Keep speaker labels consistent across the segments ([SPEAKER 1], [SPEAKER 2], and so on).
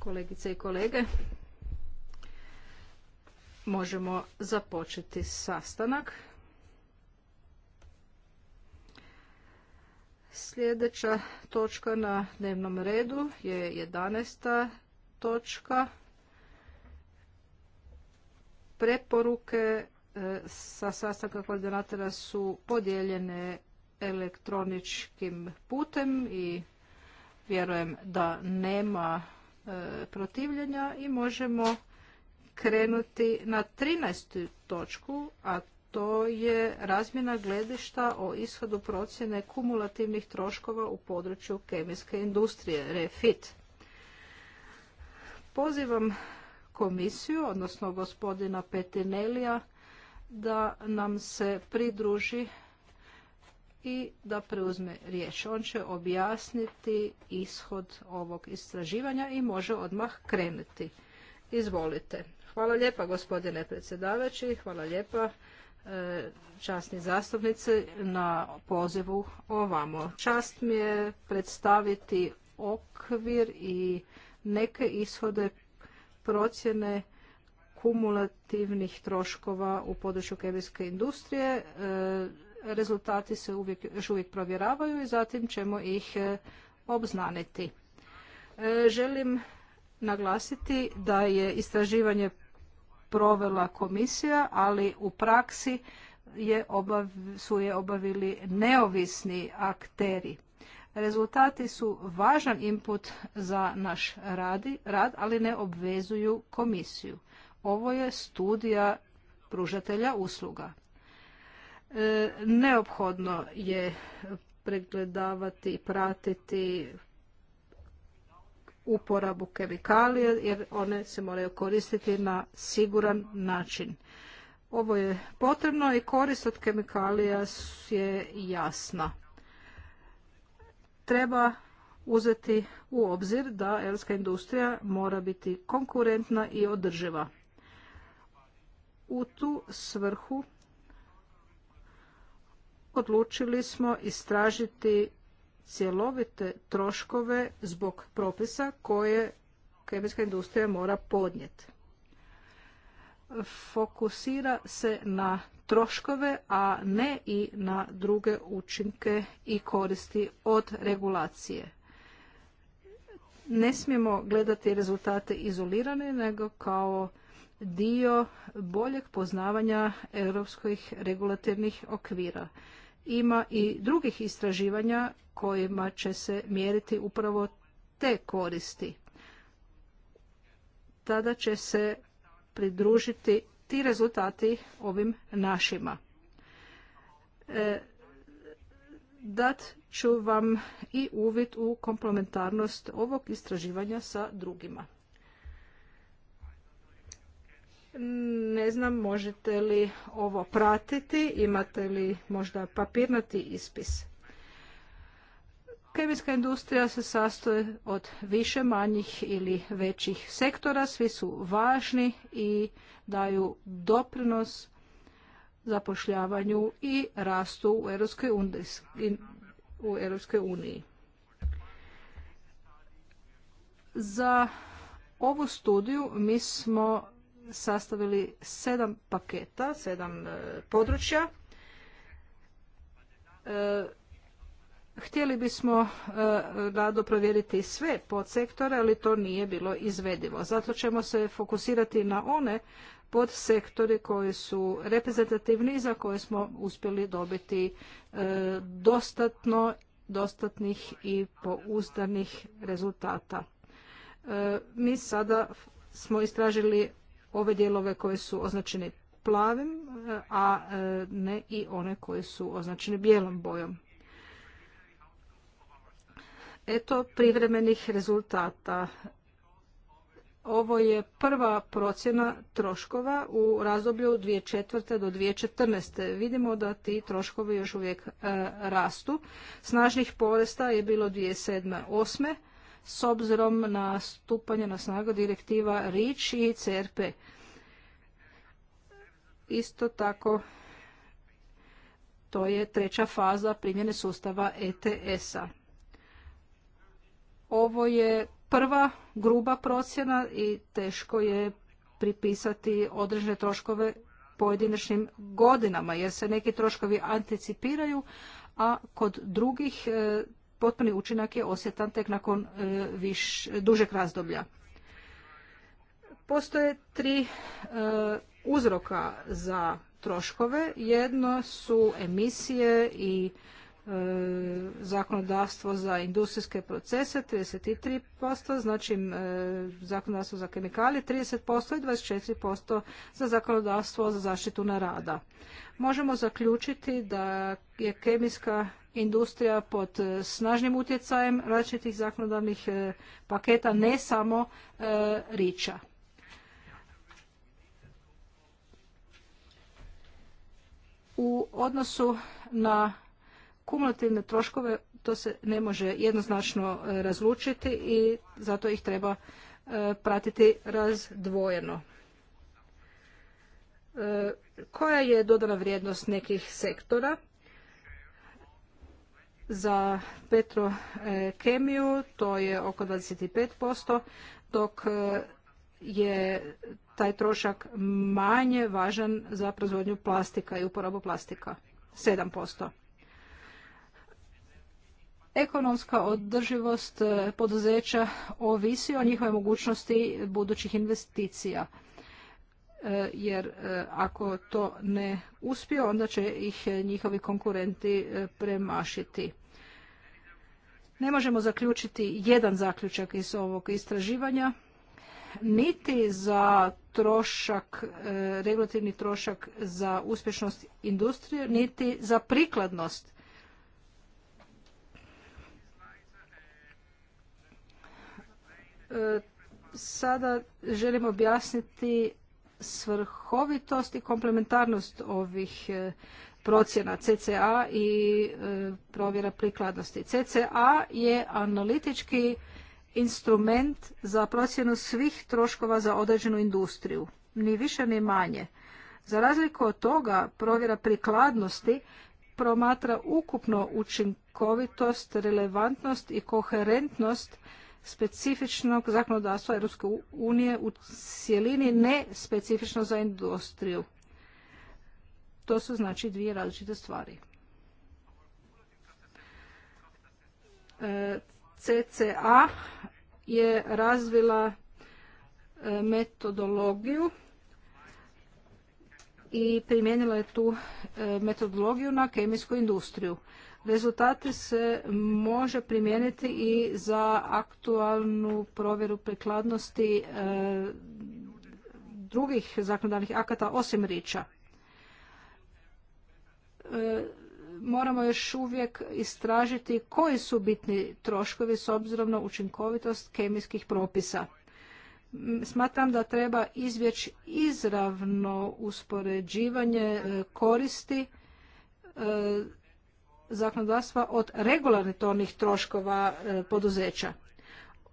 [SPEAKER 1] Kolegice i kolege, možemo započeti sastanak. Sljedeća točka na dnevnom redu je 11. točka preporuke e, sa sastanka koordinatora su podijeljene elektroničkim putem i Vjerujem da nema e, protivljenja i možemo krenuti na 13. točku, a to je razmjena gledišta o ishodu procjene kumulativnih troškova u području kemijske industrije, REFIT. Pozivam komisiju, odnosno gospodina Petinelija, da nam se pridruži i da preuzme riječ. On će objasniti ishod ovog istraživanja i može odmah krenuti. Izvolite. Hvala lijepa gospodine predsjedavajući, hvala lijepa e, časni zastupnici na pozivu ovamo. Čast mi je predstaviti okvir i neke ishode procjene kumulativnih troškova u području kemijske industrije e, rezultati se uvijek, još uvijek provjeravaju i zatim ćemo ih e, obznaniti. E, želim naglasiti da je istraživanje provela komisija, ali u praksi je obav, su je obavili neovisni akteri. Rezultati su važan input za naš radi, rad, ali ne obvezuju komisiju. Ovo je studija pružatelja usluga. E, neophodno je pregledavati i pratiti uporabu kemikalija jer one se moraju koristiti na siguran način. Ovo je potrebno i korist od kemikalija je jasna. Treba uzeti u obzir da europska industrija mora biti konkurentna i održiva. U tu svrhu odlučili smo istražiti cjelovite troškove zbog propisa koje kemijska industrija mora podnijeti. Fokusira se na troškove, a ne i na druge učinke i koristi od regulacije. Ne smijemo gledati rezultate izolirane, nego kao dio boljeg poznavanja europskih regulativnih okvira ima i drugih istraživanja kojima će se mjeriti upravo te koristi. Tada će se pridružiti ti rezultati ovim našima. E, dat ću vam i uvid u komplementarnost ovog istraživanja sa drugima. Ne znam možete li ovo pratiti, imate li možda papirnati ispis. Kemijska industrija se sastoji od više manjih ili većih sektora, svi su važni i daju doprinos zapošljavanju i rastu u Europskoj U Europskoj uniji. Za ovu studiju mi smo sastavili sedam paketa, sedam e, područja. E, htjeli bismo e, rado provjeriti sve podsektore, ali to nije bilo izvedivo. Zato ćemo se fokusirati na one podsektori koji su reprezentativni za koje smo uspjeli dobiti dostatno, dostatnih i pouzdanih rezultata. Mi sada smo istražili ove dijelove koje su označene plavim, eh, a eh, ne i one koje su označene bijelom bojom. Eto privremenih rezultata. Ovo je prva procjena troškova u razdoblju 2004. do 2014. Vidimo da ti troškovi još uvijek eh, rastu. Snažnih poresta je bilo 2007. 2008 s obzirom na stupanje na snagu direktiva REACH i CRP. Isto tako, to je treća faza primjene sustava ETS-a. Ovo je prva gruba procjena i teško je pripisati određene troškove pojedinačnim godinama jer se neki troškovi anticipiraju, a kod drugih e, potpuni učinak je osjetan tek nakon e, viš, dužeg razdoblja. Postoje tri e, uzroka za troškove. Jedno su emisije i e, zakonodavstvo za industrijske procese 33%, znači zakonodavstvo za kemikalije 30% i 24% za zakonodavstvo za zaštitu na rada. Možemo zaključiti da je kemijska industrija pod e, snažnim utjecajem različitih zakonodavnih e, paketa, ne samo e, riča. U odnosu na kumulativne troškove to se ne može jednoznačno razlučiti i zato ih treba pratiti razdvojeno. Koja je dodana vrijednost nekih sektora? za petrokemiju to je oko 25%, dok e, je taj trošak manje važan za proizvodnju plastika i uporabu plastika, 7%. Ekonomska održivost e, poduzeća ovisi o njihovoj mogućnosti budućih investicija e, jer ako to ne uspije, onda će ih njihovi konkurenti premašiti. Ne možemo zaključiti jedan zaključak iz ovog istraživanja, niti za trošak, e, regulativni trošak za uspješnost industrije, niti za prikladnost. E, sada želim objasniti svrhovitost i komplementarnost ovih e, procjena CCA i e, provjera prikladnosti. CCA je analitički instrument za procjenu svih troškova za određenu industriju, ni više ni manje. Za razliku od toga, provjera prikladnosti promatra ukupno učinkovitost, relevantnost i koherentnost specifičnog zakonodavstva Europske unije u cjelini ne specifično za industriju. To su znači dvije različite stvari. E, CCA je razvila e, metodologiju i primijenila je tu e, metodologiju na kemijsku industriju. Rezultate se može primijeniti i za aktualnu provjeru prikladnosti drugih zakonodavnih akata osim riča moramo još uvijek istražiti koji su bitni troškovi s obzirom na učinkovitost kemijskih propisa. Smatram da treba izvjeći izravno uspoređivanje e, koristi e, zakonodavstva od regulatornih troškova e, poduzeća.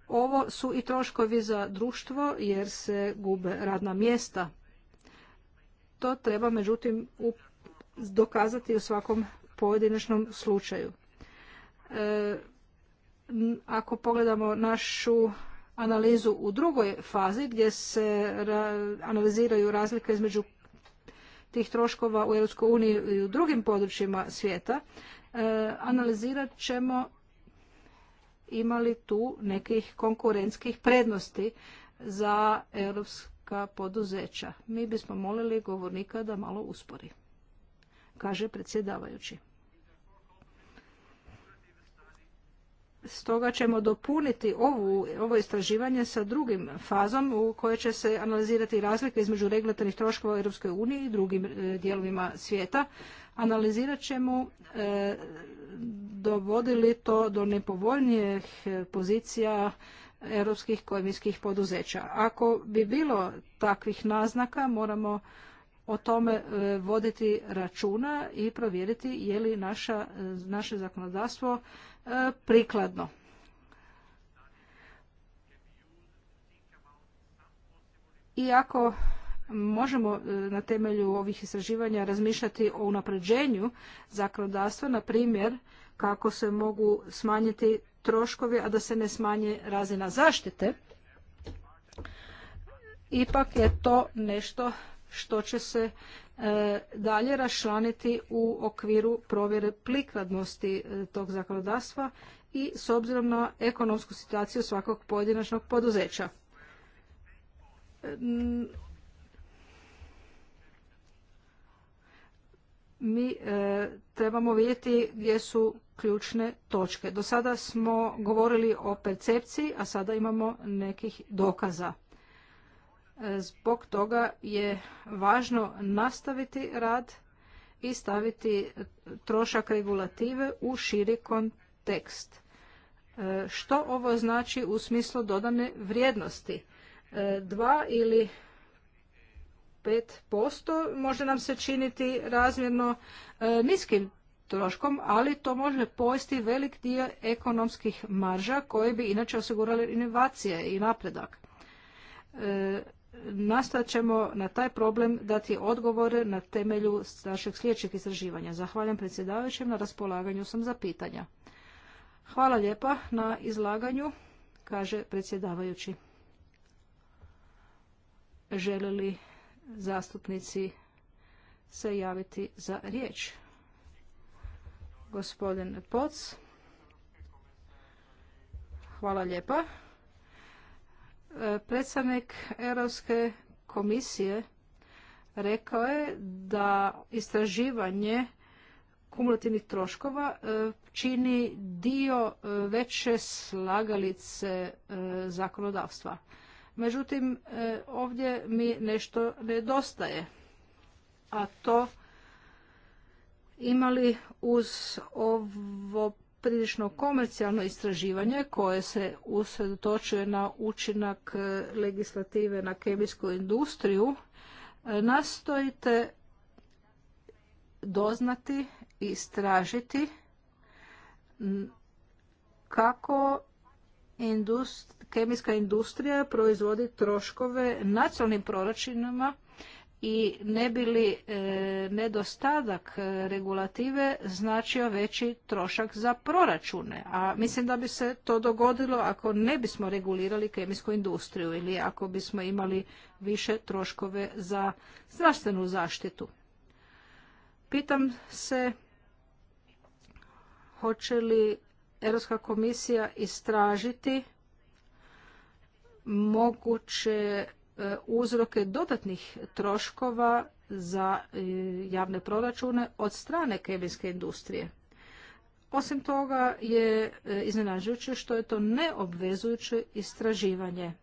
[SPEAKER 1] Ovo su i troškovi za društvo jer se gube radna mjesta. To treba međutim u dokazati u svakom pojedinačnom slučaju. E, ako pogledamo našu analizu u drugoj fazi gdje se analiziraju razlike između tih troškova u EU i u drugim područjima svijeta, e, analizirat ćemo imali tu nekih konkurentskih prednosti za europska poduzeća. Mi bismo molili govornika da malo uspori kaže predsjedavajući. Stoga ćemo dopuniti ovu, ovo istraživanje sa drugim fazom u kojoj će se analizirati razlike između regulatornih troškova u Europskoj i drugim e, dijelovima svijeta. Analizirat ćemo e, dovodili to do nepovoljnijih pozicija europskih kojemijskih poduzeća. Ako bi bilo takvih naznaka, moramo o tome e, voditi računa i provjeriti je li naša, e, naše zakonodavstvo e, prikladno. Iako možemo na temelju ovih istraživanja razmišljati o unapređenju zakonodavstva, na primjer kako se mogu smanjiti troškovi, a da se ne smanje razina zaštite, ipak je to nešto što će se e, dalje rašlaniti u okviru provjere prikladnosti e, tog zakonodavstva i s obzirom na ekonomsku situaciju svakog pojedinačnog poduzeća. E, mi trebamo vidjeti gdje su ključne točke. Do sada smo govorili o percepciji, a sada imamo nekih dokaza. Zbog toga je važno nastaviti rad i staviti trošak regulative u širi kontekst. E, što ovo znači u smislu dodane vrijednosti? 2 e, ili 5% može nam se činiti razmjerno e, niskim troškom, ali to može pojesti velik dio ekonomskih marža koje bi inače osigurali inovacije i napredak. Nastat ćemo na taj problem dati odgovore na temelju našeg sljedećeg istraživanja. Zahvaljam predsjedavajućem, na raspolaganju sam za pitanja. Hvala lijepa na izlaganju, kaže predsjedavajući. Žele li zastupnici se javiti za riječ? Gospodin Poc. Hvala lijepa. Predstavnik Europske komisije rekao je da istraživanje kumulativnih troškova e, čini dio e, veće slagalice e, zakonodavstva. Međutim, ovdje mi nešto nedostaje, a to imali uz ovo prilično komercijalno istraživanje koje se usredotočuje na učinak e, legislative na kemijsku industriju, e, nastojite doznati i istražiti kako kemijska industrija proizvodi troškove nacionalnim proračunima i ne bi li e, nedostatak e, regulative značio veći trošak za proračune. A mislim da bi se to dogodilo ako ne bismo regulirali kemijsku industriju ili ako bismo imali više troškove za zdravstvenu zaštitu. Pitam se hoće li Europska komisija istražiti moguće uzroke dodatnih troškova za e, javne proračune od strane kemijske industrije. Osim toga je e, iznenađujuće što je to neobvezujuće istraživanje.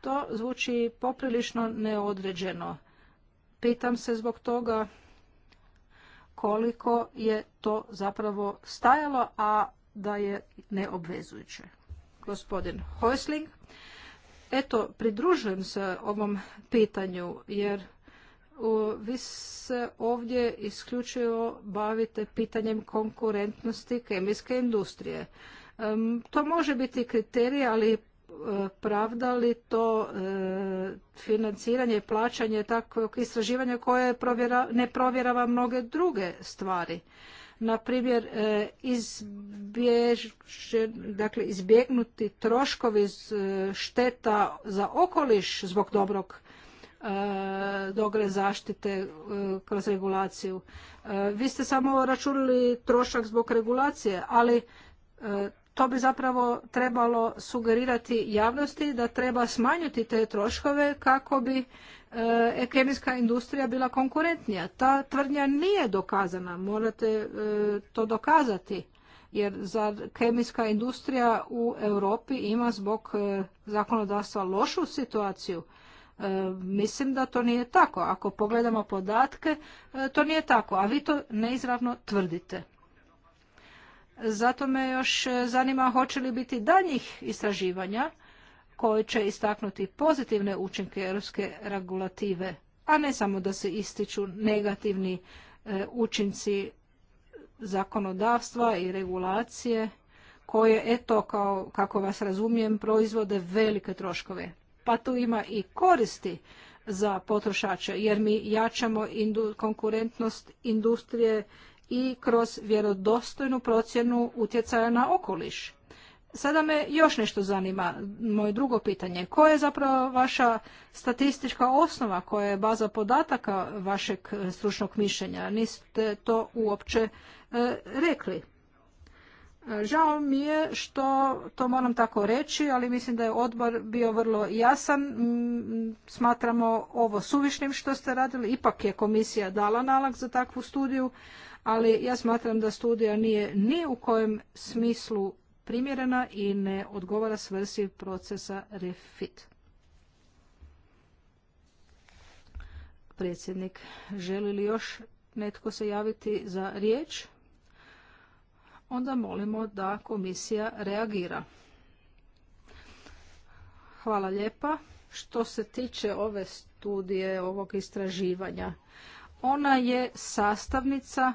[SPEAKER 1] To zvuči poprilično neodređeno. Pitam se zbog toga koliko je to zapravo stajalo, a da je neobvezujuće. Gospodin Häusling... Eto, pridružujem se ovom pitanju jer vi se ovdje isključivo bavite pitanjem konkurentnosti kemijske industrije. To može biti kriterij, ali e, pravda li to e, financiranje i plaćanje takvog istraživanja koje ne provjerava mnoge druge stvari na primjer e, dakle, izbjegnuti troškovi e, šteta za okoliš zbog dobrog e, dobre zaštite kroz regulaciju. Vi ste samo računili trošak zbog regulacije, ali to bi zapravo trebalo sugerirati javnosti da treba smanjiti te troškove kako bi E, kemijska industrija bila konkurentnija. Ta tvrdnja nije dokazana, morate e, to dokazati jer za kemijska industrija u Europi ima zbog e, zakonodavstva lošu situaciju. Mislim da to nije tako. Ako pogledamo podatke, to nije tako, a vi to neizravno tvrdite. Zato me još zanima hoće li biti daljih istraživanja koje će istaknuti pozitivne učinke europske regulative, a ne samo da se ističu negativni e, učinci zakonodavstva i regulacije koje, eto, kao, kako vas razumijem, proizvode velike troškove. Pa tu ima i koristi za potrošače, jer mi jačamo indu, konkurentnost industrije i kroz vjerodostojnu procjenu utjecaja na okoliš. Sada me još nešto zanima, moje drugo pitanje. Koja je zapravo vaša statistička osnova, koja je baza podataka vašeg e, stručnog mišljenja? Niste to uopće e, rekli. E, žao mi je što to moram tako reći, ali mislim da je odbor bio vrlo jasan. Smatramo ovo suvišnim što ste radili. Ipak je komisija dala nalag za takvu studiju, ali ja smatram da studija nije ni u kojem smislu primjerena i ne odgovara svrsi procesa refit. Predsjednik, želi li još netko se javiti za riječ? Onda molimo da komisija reagira. Hvala lijepa. Što se tiče ove studije, ovog istraživanja, ona je sastavnica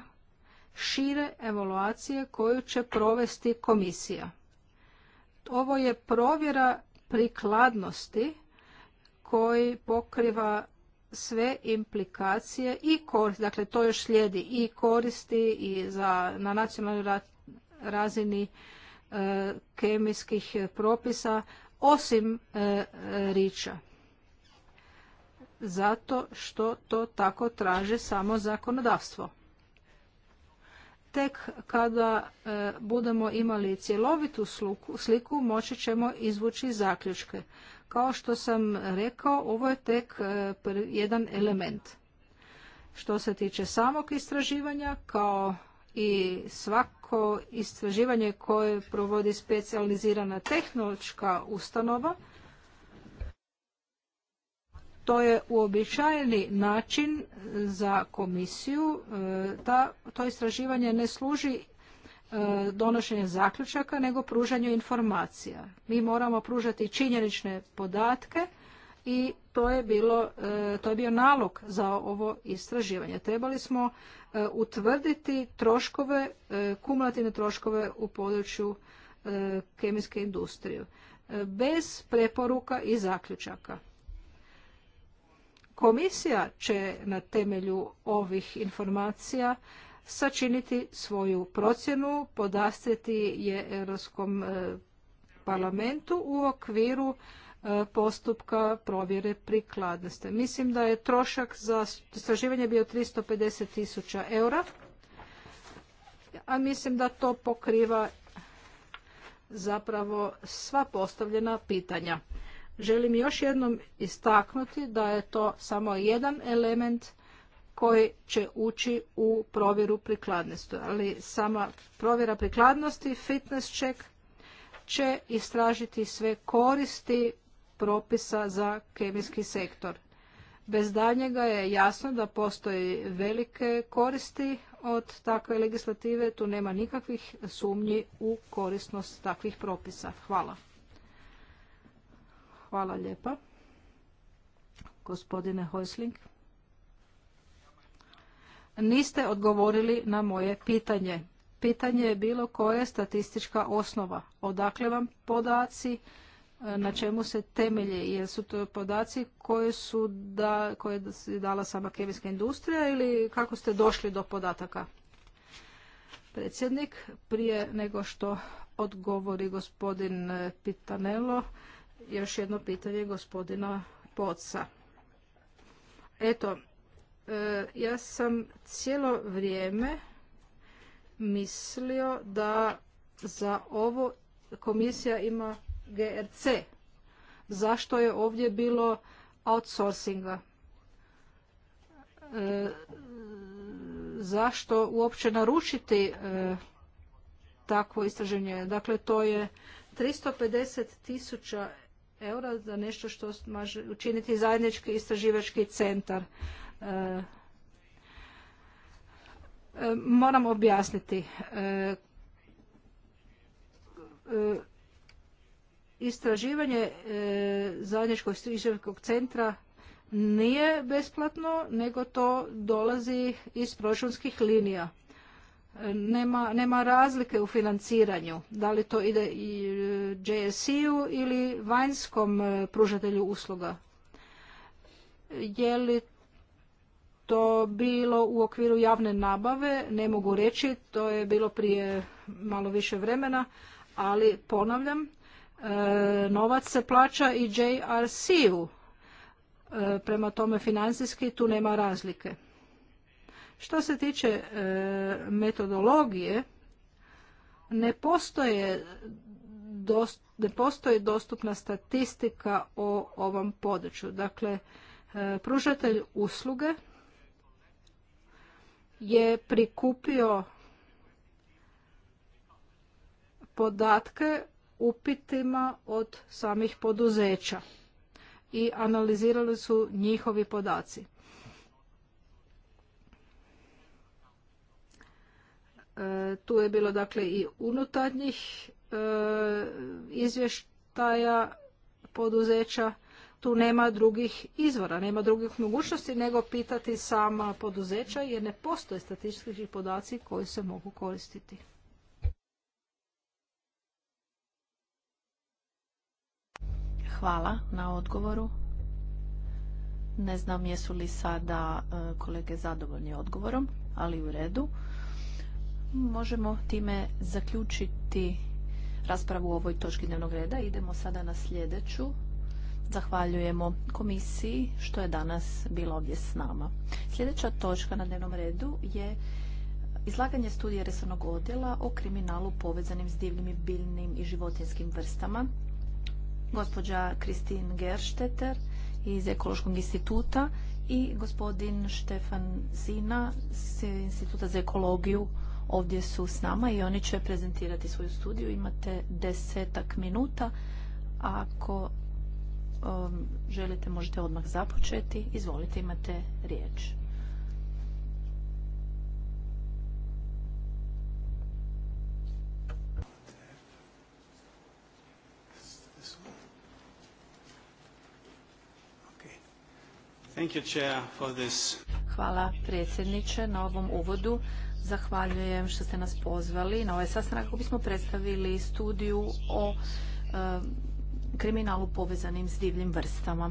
[SPEAKER 1] šire evaluacije koju će provesti komisija. Ovo je provjera prikladnosti koji pokriva sve implikacije i koristi, dakle to još slijedi i koristi i za, na nacionalnoj razini e, kemijskih propisa osim e, riča. Zato što to tako traže samo zakonodavstvo tek kada e, budemo imali cjelovitu sliku moći ćemo izvući zaključke. Kao što sam rekao, ovo je tek e, jedan element. Što se tiče samog istraživanja, kao i svako istraživanje koje provodi specijalizirana tehnološka ustanova, to je uobičajeni način za komisiju. E, ta, to istraživanje ne služi e, donošenje zaključaka, nego pružanju informacija. Mi moramo pružati činjenične podatke i to je, bilo, e, to je bio nalog za ovo istraživanje. Trebali smo utvrditi troškove, kumulativne troškove u području kemijske industrije bez preporuka i zaključaka. Komisija će na temelju ovih informacija sačiniti svoju procjenu, podastreti je Europskom e, parlamentu u okviru e, postupka provjere prikladnosti. Mislim da je trošak za istraživanje bio 350 tisuća eura, a mislim da to pokriva zapravo sva postavljena pitanja. Želim još jednom istaknuti da je to samo jedan element koji će ući u provjeru prikladnosti. Ali sama provjera prikladnosti, fitness check, će istražiti sve koristi propisa za kemijski sektor. Bez danjega je jasno da postoji velike koristi od takve legislative, tu nema nikakvih sumnji u korisnost takvih propisa. Hvala. Hvala lijepa. Gospodine Hojsling. Niste odgovorili na moje pitanje. Pitanje je bilo koja je statistička osnova. Odakle vam podaci, e, na čemu se temelje, Jesu su to podaci koje su da, koje je dala sama kemijska industrija ili kako ste došli do podataka? Predsjednik, prije nego što odgovori gospodin Pitanelo, još jedno pitanje gospodina Poca. Eto, e, ja sam cijelo vrijeme mislio da za ovo komisija ima GRC. Zašto je ovdje bilo outsourcinga? E, zašto uopće naručiti e, takvo istraženje? Dakle, to je 350 tisuća eura za nešto što može učiniti zajednički istraživački centar. E, e, moram objasniti. E, istraživanje zajedničkog istraživačkog centra nije besplatno, nego to dolazi iz proračunskih linija nema, nema razlike u financiranju, da li to ide i e, Jsu u ili vanjskom e, pružatelju usluga. Je li to bilo u okviru javne nabave, ne mogu reći, to je bilo prije malo više vremena, ali ponavljam, e, novac se plaća i JRC-u, prema tome financijski tu nema razlike. Što se tiče e, metodologije, ne postoje ne postoji dostupna statistika o ovom području. Dakle, e, pružatelj usluge je prikupio podatke upitima od samih poduzeća i analizirali su njihovi podaci. E, tu je bilo dakle i unutarnjih e, izvještaja poduzeća. Tu nema drugih izvora, nema drugih mogućnosti nego pitati sama poduzeća jer ne postoje statistički podaci koji se mogu koristiti.
[SPEAKER 2] Hvala na odgovoru. Ne znam jesu li sada e, kolege zadovoljni odgovorom, ali u redu. Možemo time zaključiti raspravu u ovoj točki dnevnog reda. Idemo sada na sljedeću. Zahvaljujemo komisiji što je danas bilo ovdje s nama. Sljedeća točka na dnevnom redu je izlaganje studije resornog odjela o kriminalu povezanim s divljim i biljnim i životinskim vrstama. Gospođa Kristin Geršteter iz Ekološkog instituta i gospodin Štefan Zina iz Instituta za ekologiju ovdje su s nama i oni će prezentirati svoju studiju. Imate desetak minuta. Ako um, želite možete odmah započeti. Izvolite, imate riječ. Hvala predsjedniče na ovom uvodu. Zahvaljujem što ste nas pozvali na ovaj sastanak kako bismo predstavili studiju o eh, kriminalu povezanim s divljim vrstama.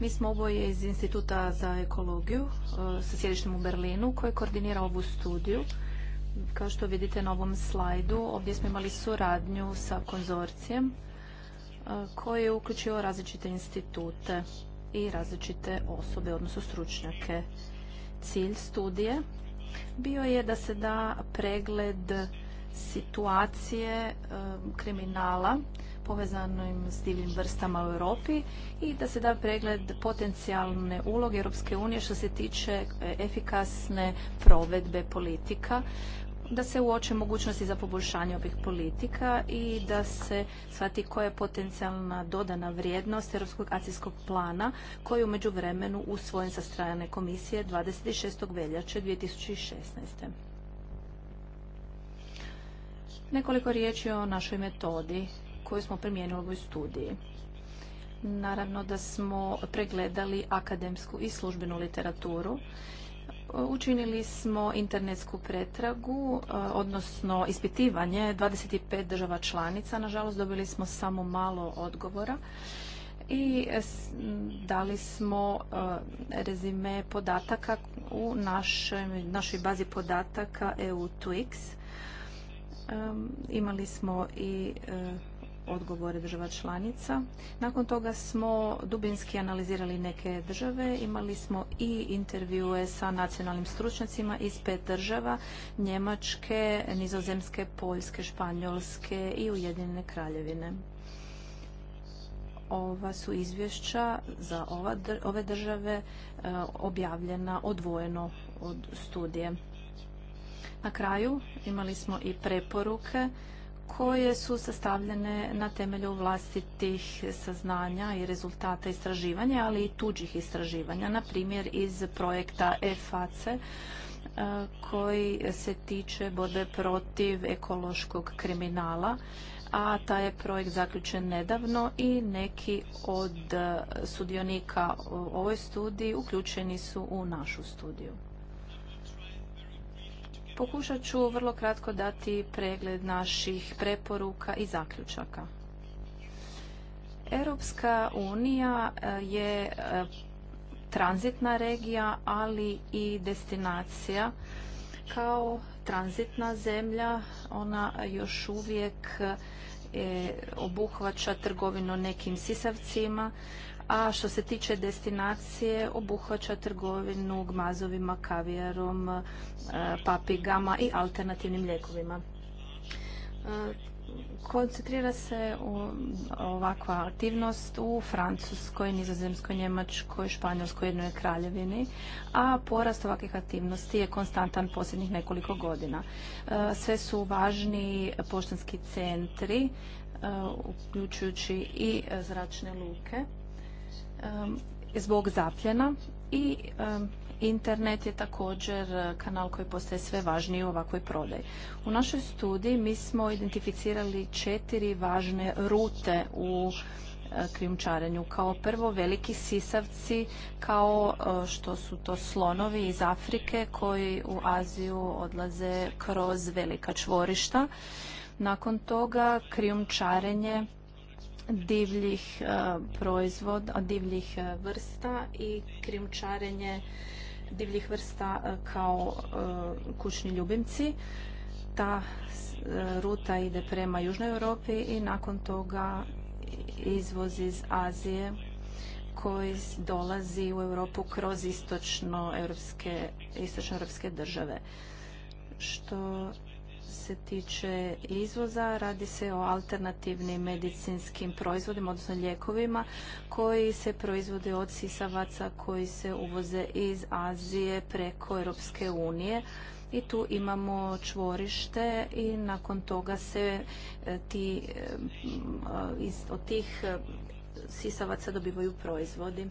[SPEAKER 2] Mi smo oboje iz Instituta za ekologiju eh, sa sjedištem u Berlinu koji koordinira ovu studiju. Kao što vidite na ovom slajdu, ovdje smo imali suradnju sa konzorcijem eh, koji je uključio različite institute i različite osobe, odnosno stručnjake. Cilj studije bio je da se da pregled situacije e, kriminala povezanim s divljim vrstama u Europi i da se da pregled potencijalne uloge Europske unije što se tiče e, efikasne provedbe politika da se uoče mogućnosti za poboljšanje ovih politika i da se shvati koja je potencijalna dodana vrijednost Europskog akcijskog plana koji je u međuvremenu usvojen sa strane komisije 26. veljače 2016. Nekoliko riječi o našoj metodi koju smo primijenili u ovoj studiji. Naravno da smo pregledali akademsku i službenu literaturu Učinili smo internetsku pretragu, e, odnosno ispitivanje 25 država članica. Nažalost, dobili smo samo malo odgovora i dali smo e, rezime podataka u našoj, bazi podataka EU Twix. Imali smo i e, odgovore država članica. Nakon toga smo dubinski analizirali neke države. Imali smo i intervjue sa nacionalnim stručnjacima iz pet država, Njemačke, Nizozemske, Poljske, Španjolske i Ujedinjene kraljevine. Ova su izvješća za ove države e, objavljena odvojeno od studije. Na kraju imali smo i preporuke koje su sastavljene na temelju vlastitih saznanja i rezultata istraživanja, ali i tuđih istraživanja, na primjer iz projekta EFACE e, koji se tiče borbe protiv ekološkog kriminala, a taj je projekt zaključen nedavno i neki od sudionika u ovoj studiji uključeni su u našu studiju. Pokušat ću vrlo kratko dati pregled naših preporuka i zaključaka. Europska unija eh, je eh, tranzitna regija, ali i destinacija. Kao tranzitna zemlja ona još uvijek eh, obuhvaća trgovinu nekim sisavcima, a što se tiče destinacije obuhvaća trgovinu gmazovima, kavijarom, e, papigama i alternativnim ljekovima. E, koncentrira se ovakva aktivnost u Francuskoj, Nizozemskoj, Njemačkoj, Španjolskoj, jednoj kraljevini, a porast ovakvih aktivnosti je konstantan posljednjih nekoliko godina. E, sve su važni poštanski centri, uključujući i zračne luke zbog zapljena i internet je također e, kanal koji postaje sve važniji u ovakvoj prodaji. U našoj studiji mi smo identificirali četiri važne rute u e, krijumčarenju. Kao prvo veliki sisavci kao e, što su to slonovi iz Afrike koji u Aziju odlaze kroz velika čvorišta. Nakon toga krijumčarenje divljih eh, proizvoda, divljih eh, vrsta i krijumčarenje divljih vrsta eh, kao kućni ljubimci. Ta ruta ide prema Južnoj Europi i nakon toga izvoz iz Azije koji dolazi u Europu kroz istočno europske, države. Što se tiče izvoza, radi se o alternativnim medicinskim proizvodima, odnosno ljekovima koji se proizvode od sisavaca koji se uvoze iz Azije preko Europske unije i tu imamo čvorište i nakon toga se e, ti, e, od tih e, sisavaca dobivaju proizvodi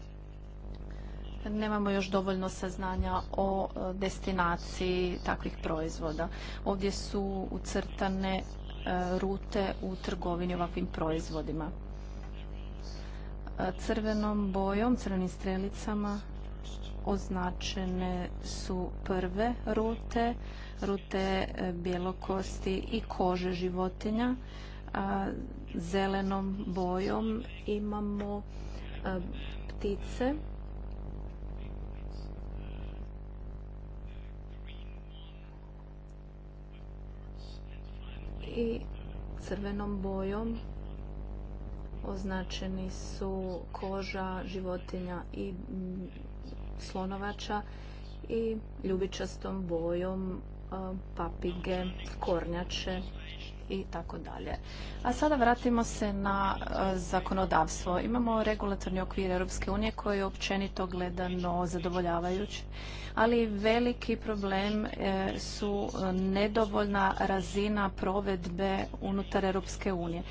[SPEAKER 2] nemamo još dovoljno saznanja o e, destinaciji takvih proizvoda. Ovdje su ucrtane e, rute u trgovini ovakvim proizvodima. E, crvenom bojom, crvenim strelicama označene su prve rute, rute bjelokosti i kože životinja. Zelenom bojom imamo ptice i crvenom bojom označeni su koža životinja i mm, slonovača i ljubičastom bojom papige, kornjače i tako dalje. A sada vratimo se na e, zakonodavstvo. Imamo regulatorni okvir Europske unije koji je općenito gledano zadovoljavajući, ali veliki problem e, su nedovoljna razina provedbe unutar Europske unije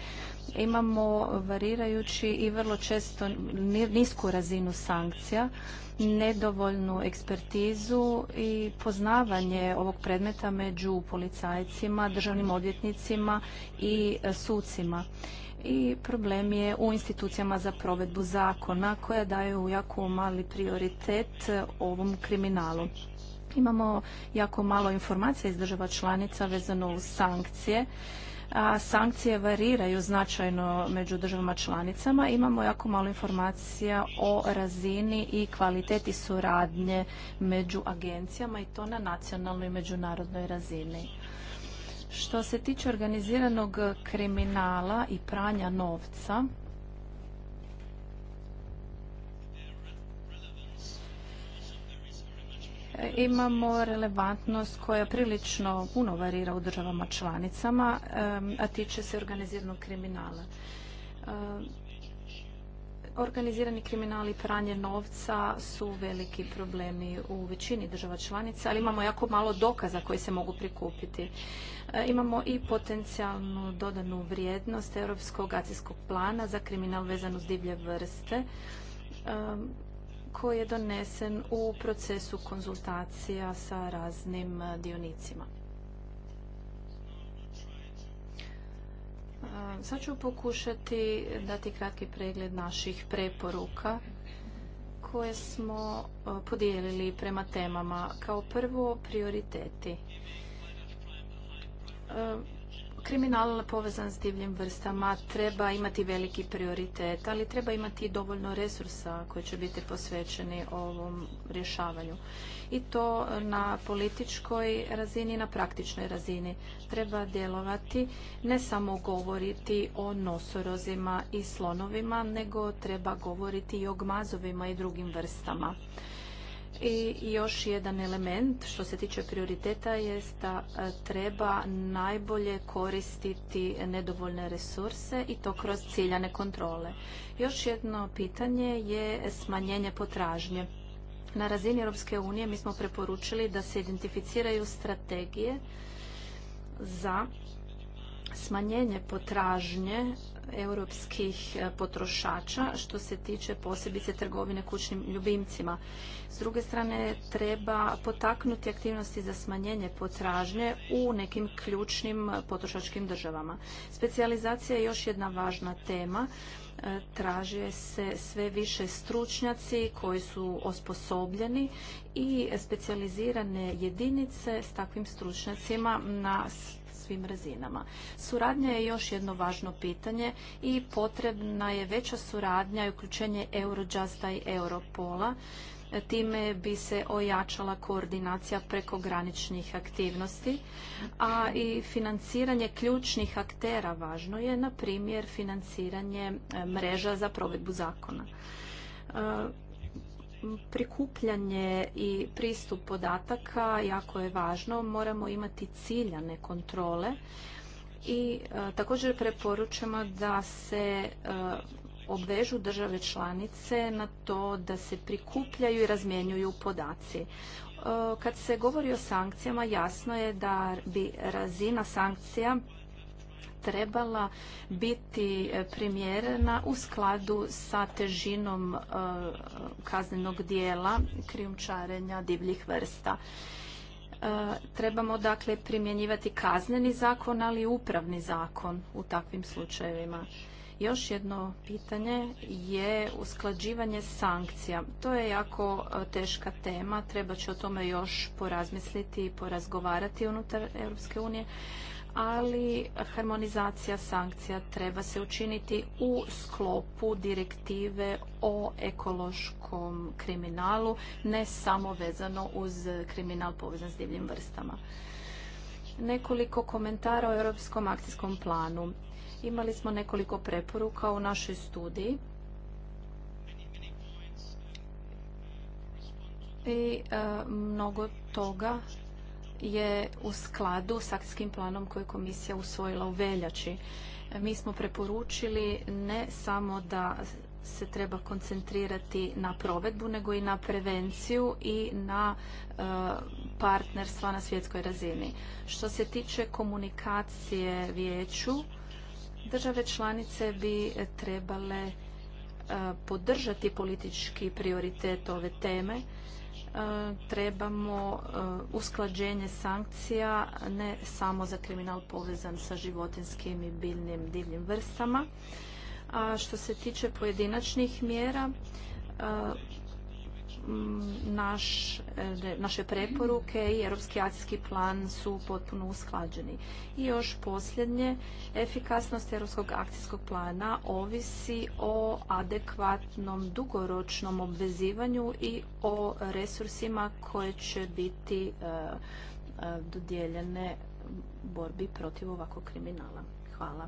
[SPEAKER 2] imamo varirajući i vrlo često nisku razinu sankcija, nedovoljnu ekspertizu i poznavanje ovog predmeta među policajcima, državnim odvjetnicima i e, sucima. I problem je u institucijama za provedbu zakona koja daju jako mali prioritet e, ovom kriminalu. Imamo jako malo informacija iz država članica vezano uz sankcije a sankcije variraju značajno među državama članicama. Imamo jako malo informacija o razini i kvaliteti suradnje među agencijama i to na nacionalnoj i međunarodnoj razini. Što se tiče organiziranog kriminala i pranja novca, imamo relevantnost koja prilično puno varira u državama članicama, a tiče se organiziranog kriminala. Organizirani kriminal i pranje novca su veliki problemi u većini država članica, ali imamo jako malo dokaza koji se mogu prikupiti. E, imamo i potencijalnu dodanu vrijednost Europskog akcijskog plana za kriminal vezan uz divlje vrste koji je donesen u procesu konzultacija sa raznim eh, dionicima. Eh, sad ću pokušati dati kratki pregled naših preporuka koje smo eh, podijelili prema temama. Kao prvo prioriteti Kriminal povezan s divljim vrstama treba imati veliki prioritet, ali treba imati i dovoljno resursa koji će biti posvećeni ovom rješavanju. I to na političkoj razini i na praktičnoj razini. Treba djelovati, ne samo govoriti o nosorozima i slonovima, nego treba govoriti i o gmazovima i drugim vrstama. I još jedan element što se tiče prioriteta je da e, treba najbolje koristiti nedovoljne resurse i to kroz ciljane kontrole. Još jedno pitanje je smanjenje potražnje. Na razini Europske unije mi smo preporučili da se identificiraju strategije za smanjenje potražnje europskih e, potrošača što se tiče posebice trgovine kućnim ljubimcima. S druge strane treba potaknuti aktivnosti za smanjenje potražnje u nekim ključnim potrošačkim državama. Specijalizacija je još jedna važna tema e, traže se sve više stručnjaci koji su osposobljeni i specijalizirane jedinice s takvim stručnjacima na svim razinama. Suradnja je još jedno važno pitanje i potrebna je veća suradnja i uključenje Eurojusta i Europola Time bi se ojačala koordinacija prekograničnih aktivnosti, a i financiranje ključnih aktera važno je, na primjer, financiranje e, mreža za provedbu zakona. E, prikupljanje i pristup podataka jako je važno. Moramo imati ciljane kontrole i e, također preporučujemo da se e, obvežu države članice na to da se prikupljaju i razmjenjuju podaci. E, kad se govori o sankcijama, jasno je da bi razina sankcija trebala biti e, primjerena u skladu sa težinom e, kaznenog dijela krijumčarenja divljih vrsta. E, trebamo dakle primjenjivati kazneni zakon, ali i upravni zakon u takvim slučajevima. Još jedno pitanje je usklađivanje sankcija. To je jako teška tema, treba će o tome još porazmisliti i porazgovarati unutar Europske unije, ali harmonizacija sankcija treba se učiniti u sklopu direktive o ekološkom kriminalu, ne samo vezano uz kriminal povezan s divljim vrstama. Nekoliko komentara o Europskom akcijskom planu. Imali smo nekoliko preporuka u našoj studiji. I e, mnogo toga je u skladu s akcijskim planom koji je komisija usvojila u veljači. Mi smo preporučili ne samo da se treba koncentrirati na provedbu, nego i na prevenciju i na e, partnerstva na svjetskoj razini. Što se tiče komunikacije vijeću, države članice bi trebale e, podržati politički prioritet ove teme E, trebamo e, usklađenje sankcija ne samo za kriminal povezan sa životinskim i biljnim divljim vrstama. A što se tiče pojedinačnih mjera, e, Mm, e, naše preporuke i Europski akcijski plan su potpuno usklađeni. I još posljednje, efikasnost Europskog akcijskog plana ovisi o adekvatnom dugoročnom obvezivanju i o resursima koje će biti e, e, dodijeljene borbi protiv ovakvog kriminala. Hvala.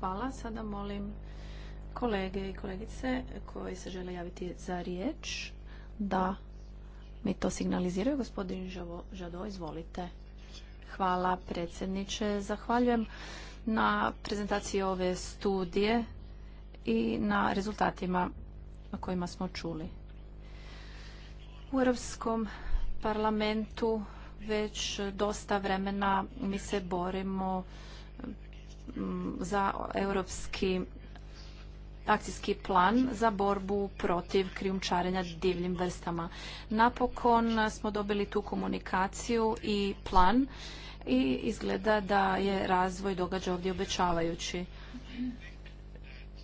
[SPEAKER 2] Hvala. Sada molim kolege i kolegice koji se žele javiti za riječ da mi to signaliziraju. Gospodin Žado, izvolite. Hvala predsjedniče. Zahvaljujem na prezentaciji ove studije i na rezultatima o kojima smo čuli. U Europskom parlamentu već dosta vremena mi se borimo mm, za europski akcijski plan za borbu protiv krijumčarenja divljim vrstama. Napokon smo dobili tu komunikaciju i plan i izgleda da je razvoj događa ovdje obećavajući.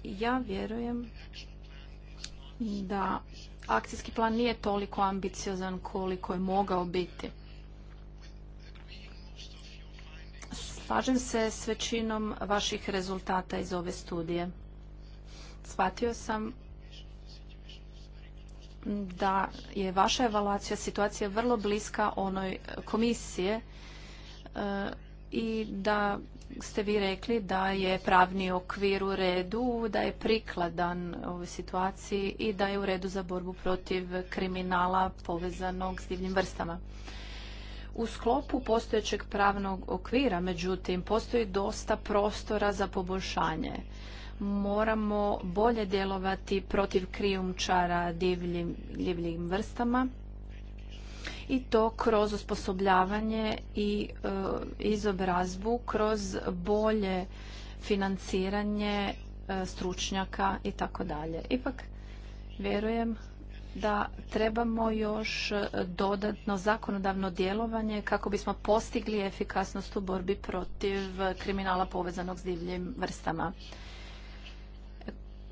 [SPEAKER 2] Ja vjerujem da akcijski plan nije toliko ambiciozan koliko je mogao biti. Slažem se s većinom vaših rezultata iz ove studije shvatio sam da je vaša evaluacija situacije vrlo bliska onoj komisije e, i da ste vi rekli da je pravni okvir u redu, da je prikladan ovoj situaciji i da je u redu za borbu protiv kriminala povezanog s divljim vrstama. U sklopu postojećeg pravnog okvira, međutim, postoji dosta prostora za poboljšanje moramo bolje djelovati protiv krijumčara divljim, vrstama i to kroz osposobljavanje i e, izobrazbu, kroz bolje financiranje e, stručnjaka i tako dalje. Ipak vjerujem da trebamo još dodatno zakonodavno djelovanje kako bismo postigli efikasnost u borbi protiv kriminala povezanog s divljim vrstama.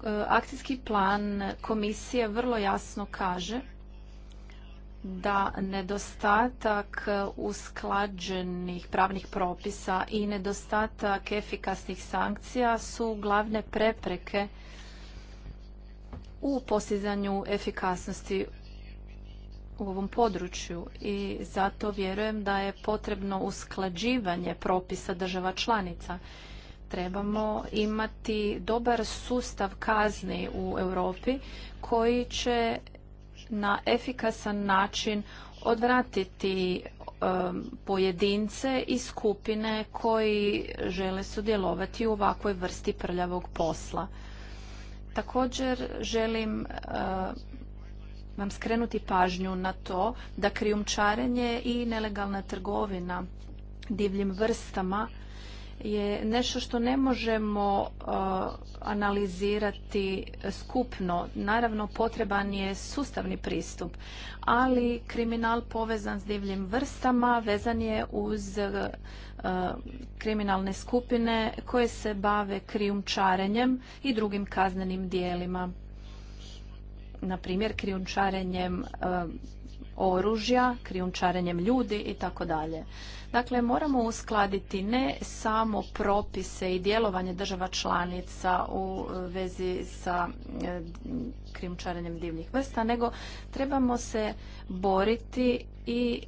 [SPEAKER 2] E, akcijski plan komisije vrlo jasno kaže da nedostatak usklađenih pravnih propisa i nedostatak efikasnih sankcija su glavne prepreke u postizanju efikasnosti u ovom području i zato vjerujem da je potrebno usklađivanje propisa država članica trebamo imati dobar sustav kazni u Europi koji će na efikasan način odvratiti um, pojedince i skupine koji žele sudjelovati u ovakvoj vrsti prljavog posla. Također želim uh, vam skrenuti pažnju na to da krijumčarenje i nelegalna trgovina divljim vrstama je nešto što ne možemo uh, analizirati skupno. Naravno, potreban je sustavni pristup, ali kriminal povezan s divljim vrstama vezan je uz uh, kriminalne skupine koje se bave krijumčarenjem i drugim kaznenim dijelima na primjer krijumčarenjem uh, oružja, krijumčarenjem ljudi i tako dalje. Dakle, moramo uskladiti ne samo propise i djelovanje država članica u e, vezi sa e, krijumčarenjem divnih vrsta, nego trebamo se boriti i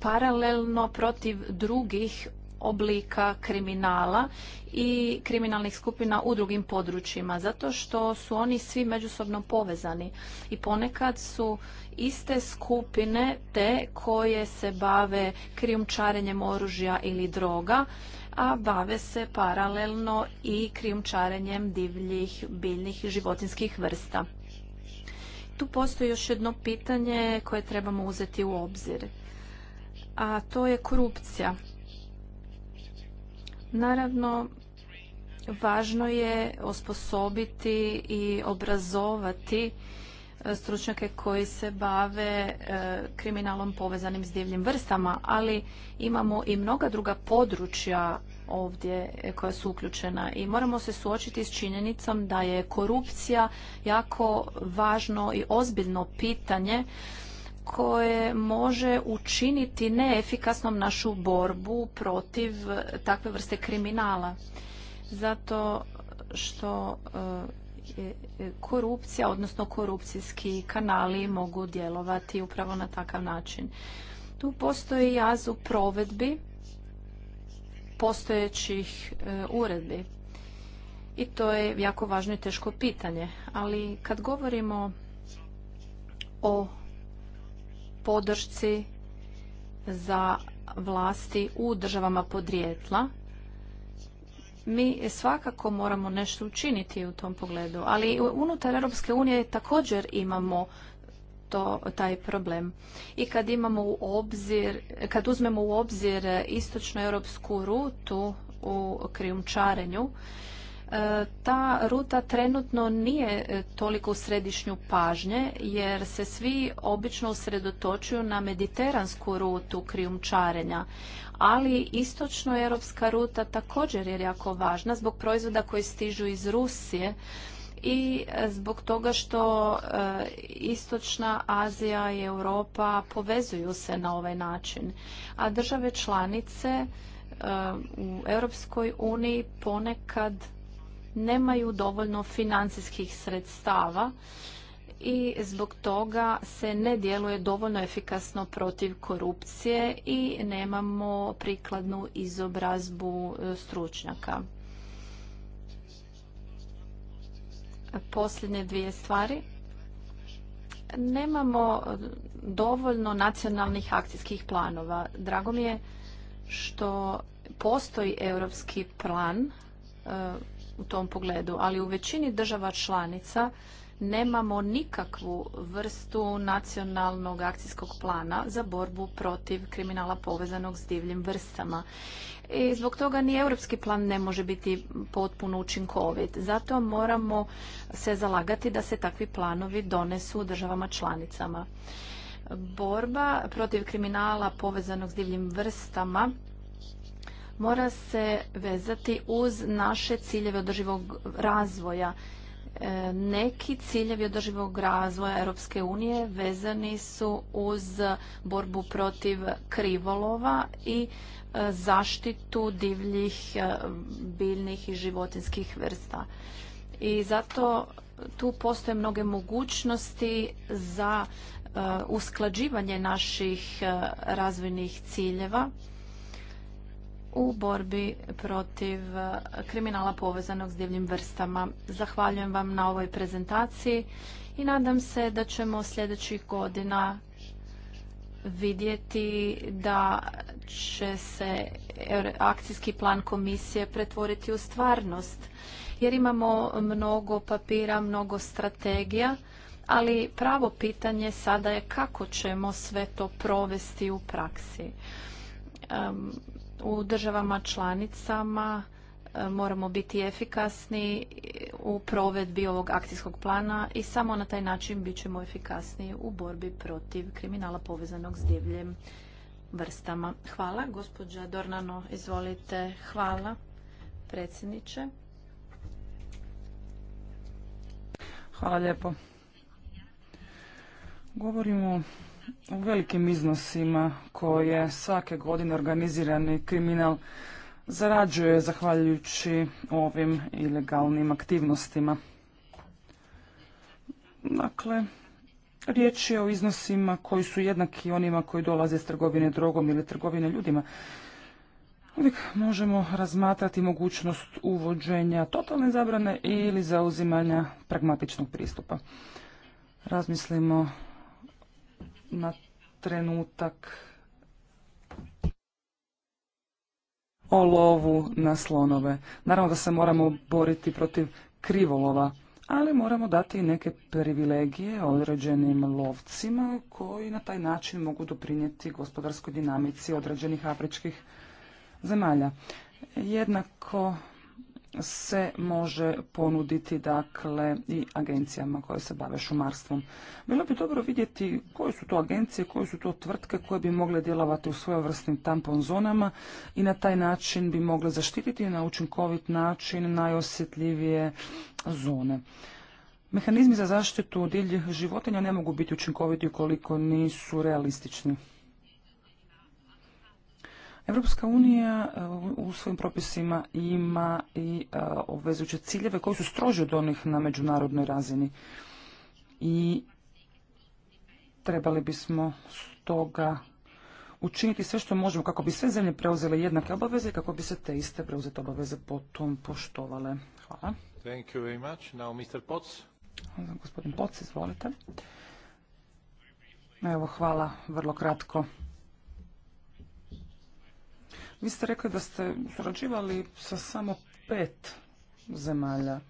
[SPEAKER 2] paralelno protiv drugih oblika kriminala i kriminalnih skupina u drugim područjima zato što su oni svi međusobno povezani i ponekad su iste skupine te koje se bave krijumčarenjem oružja ili droga a bave se paralelno i krijumčarenjem divljih biljnih i životinskih vrsta. Tu postoji još jedno pitanje koje trebamo uzeti u obzir, a to je korupcija. Naravno, važno je osposobiti i obrazovati e, stručnjake koji se bave e, kriminalom povezanim s divljim vrstama, ali imamo i mnoga druga područja ovdje e, koja su uključena i moramo se suočiti s činjenicom da je korupcija jako važno i ozbiljno pitanje koje može učiniti neefikasnom našu borbu protiv e, takve vrste kriminala. Zato što e, e, korupcija, odnosno korupcijski kanali mogu djelovati upravo na takav način. Tu postoji jaz u provedbi postojećih uredbi. I to je jako važno i teško pitanje. Ali kad govorimo o podršci za vlasti u državama podrijetla. Mi svakako moramo nešto učiniti u tom pogledu, ali unutar Europske unije također imamo to, taj problem. I kad imamo u obzir, kad uzmemo u obzir istočnoeuropsku rutu u krijumčarenju, E, ta ruta trenutno nije e, toliko u središnju pažnje jer se svi obično usredotočuju na mediteransku rutu krijumčarenja, ali istočno-europska ruta također je jako važna zbog proizvoda koji stižu iz Rusije i e, zbog toga što istočna Azija i Europa povezuju se na ovaj način. A države članice u Europskoj uniji ponekad nemaju dovoljno financijskih sredstava i zbog toga se ne djeluje dovoljno efikasno protiv korupcije i nemamo prikladnu izobrazbu e, stručnjaka. Posljednje dvije stvari. Nemamo dovoljno nacionalnih akcijskih planova. Drago mi je što postoji europski plan e, u tom pogledu, ali u većini država članica nemamo nikakvu vrstu nacionalnog akcijskog plana za borbu protiv kriminala povezanog s divljim vrstama. I zbog toga ni europski plan ne može biti potpuno učinkovit. Zato moramo se zalagati da se takvi planovi donesu u državama članicama. Borba protiv kriminala povezanog s divljim vrstama mora se vezati uz naše ciljeve održivog razvoja. E, neki ciljevi održivog razvoja Europske unije vezani su uz borbu protiv krivolova i e, zaštitu divljih e, biljnih i životinskih vrsta. I zato tu postoje mnoge mogućnosti za usklađivanje naših razvojnih ciljeva u borbi protiv eh, kriminala povezanog s divljim vrstama. Zahvaljujem vam na ovoj prezentaciji i nadam se da ćemo sljedećih godina vidjeti da će se eh, akcijski plan komisije pretvoriti u stvarnost. Jer imamo mnogo papira, mnogo strategija, ali pravo pitanje sada je kako ćemo sve to provesti u praksi u državama članicama e, moramo biti efikasni u provedbi ovog akcijskog plana i samo na taj način bit ćemo efikasniji u borbi protiv kriminala povezanog s divljim vrstama. Hvala. Gospođa Dornano, izvolite. Hvala, predsjedniče.
[SPEAKER 3] Hvala lijepo. Govorimo u velikim iznosima koje svake godine organizirani kriminal zarađuje zahvaljujući ovim ilegalnim aktivnostima. Dakle, riječ je o iznosima koji su jednaki onima koji dolaze s trgovine drogom ili trgovine ljudima. Uvijek možemo razmatrati mogućnost uvođenja totalne zabrane ili zauzimanja pragmatičnog pristupa. Razmislimo na trenutak o lovu na slonove. Naravno da se moramo boriti protiv krivolova, ali moramo dati i neke privilegije određenim lovcima koji na taj način mogu doprinijeti gospodarskoj dinamici određenih afričkih zemalja. Jednako se može ponuditi dakle i agencijama koje se bave šumarstvom. Bilo bi dobro vidjeti koje su to agencije, koje su to tvrtke koje bi mogle djelovati u svojevrsnim tampon zonama i na taj način bi mogle zaštititi na učinkovit način najosjetljivije zone. Mehanizmi za zaštitu divljih životinja ne mogu biti učinkoviti ukoliko nisu realistični. Evropska unija e, u svojim propisima ima i e, obvezujuće ciljeve koji su strože od onih na međunarodnoj razini. I trebali bismo stoga učiniti sve što možemo kako bi sve zemlje preuzele jednake obaveze i kako bi se te iste preuzete obaveze potom poštovale. Hvala.
[SPEAKER 1] Thank you very much. Now Mr. Potts.
[SPEAKER 3] Gospodin Potts, izvolite. Evo, hvala, vrlo kratko. Vi ste rekli da ste surađivali sa samo pet zemalja.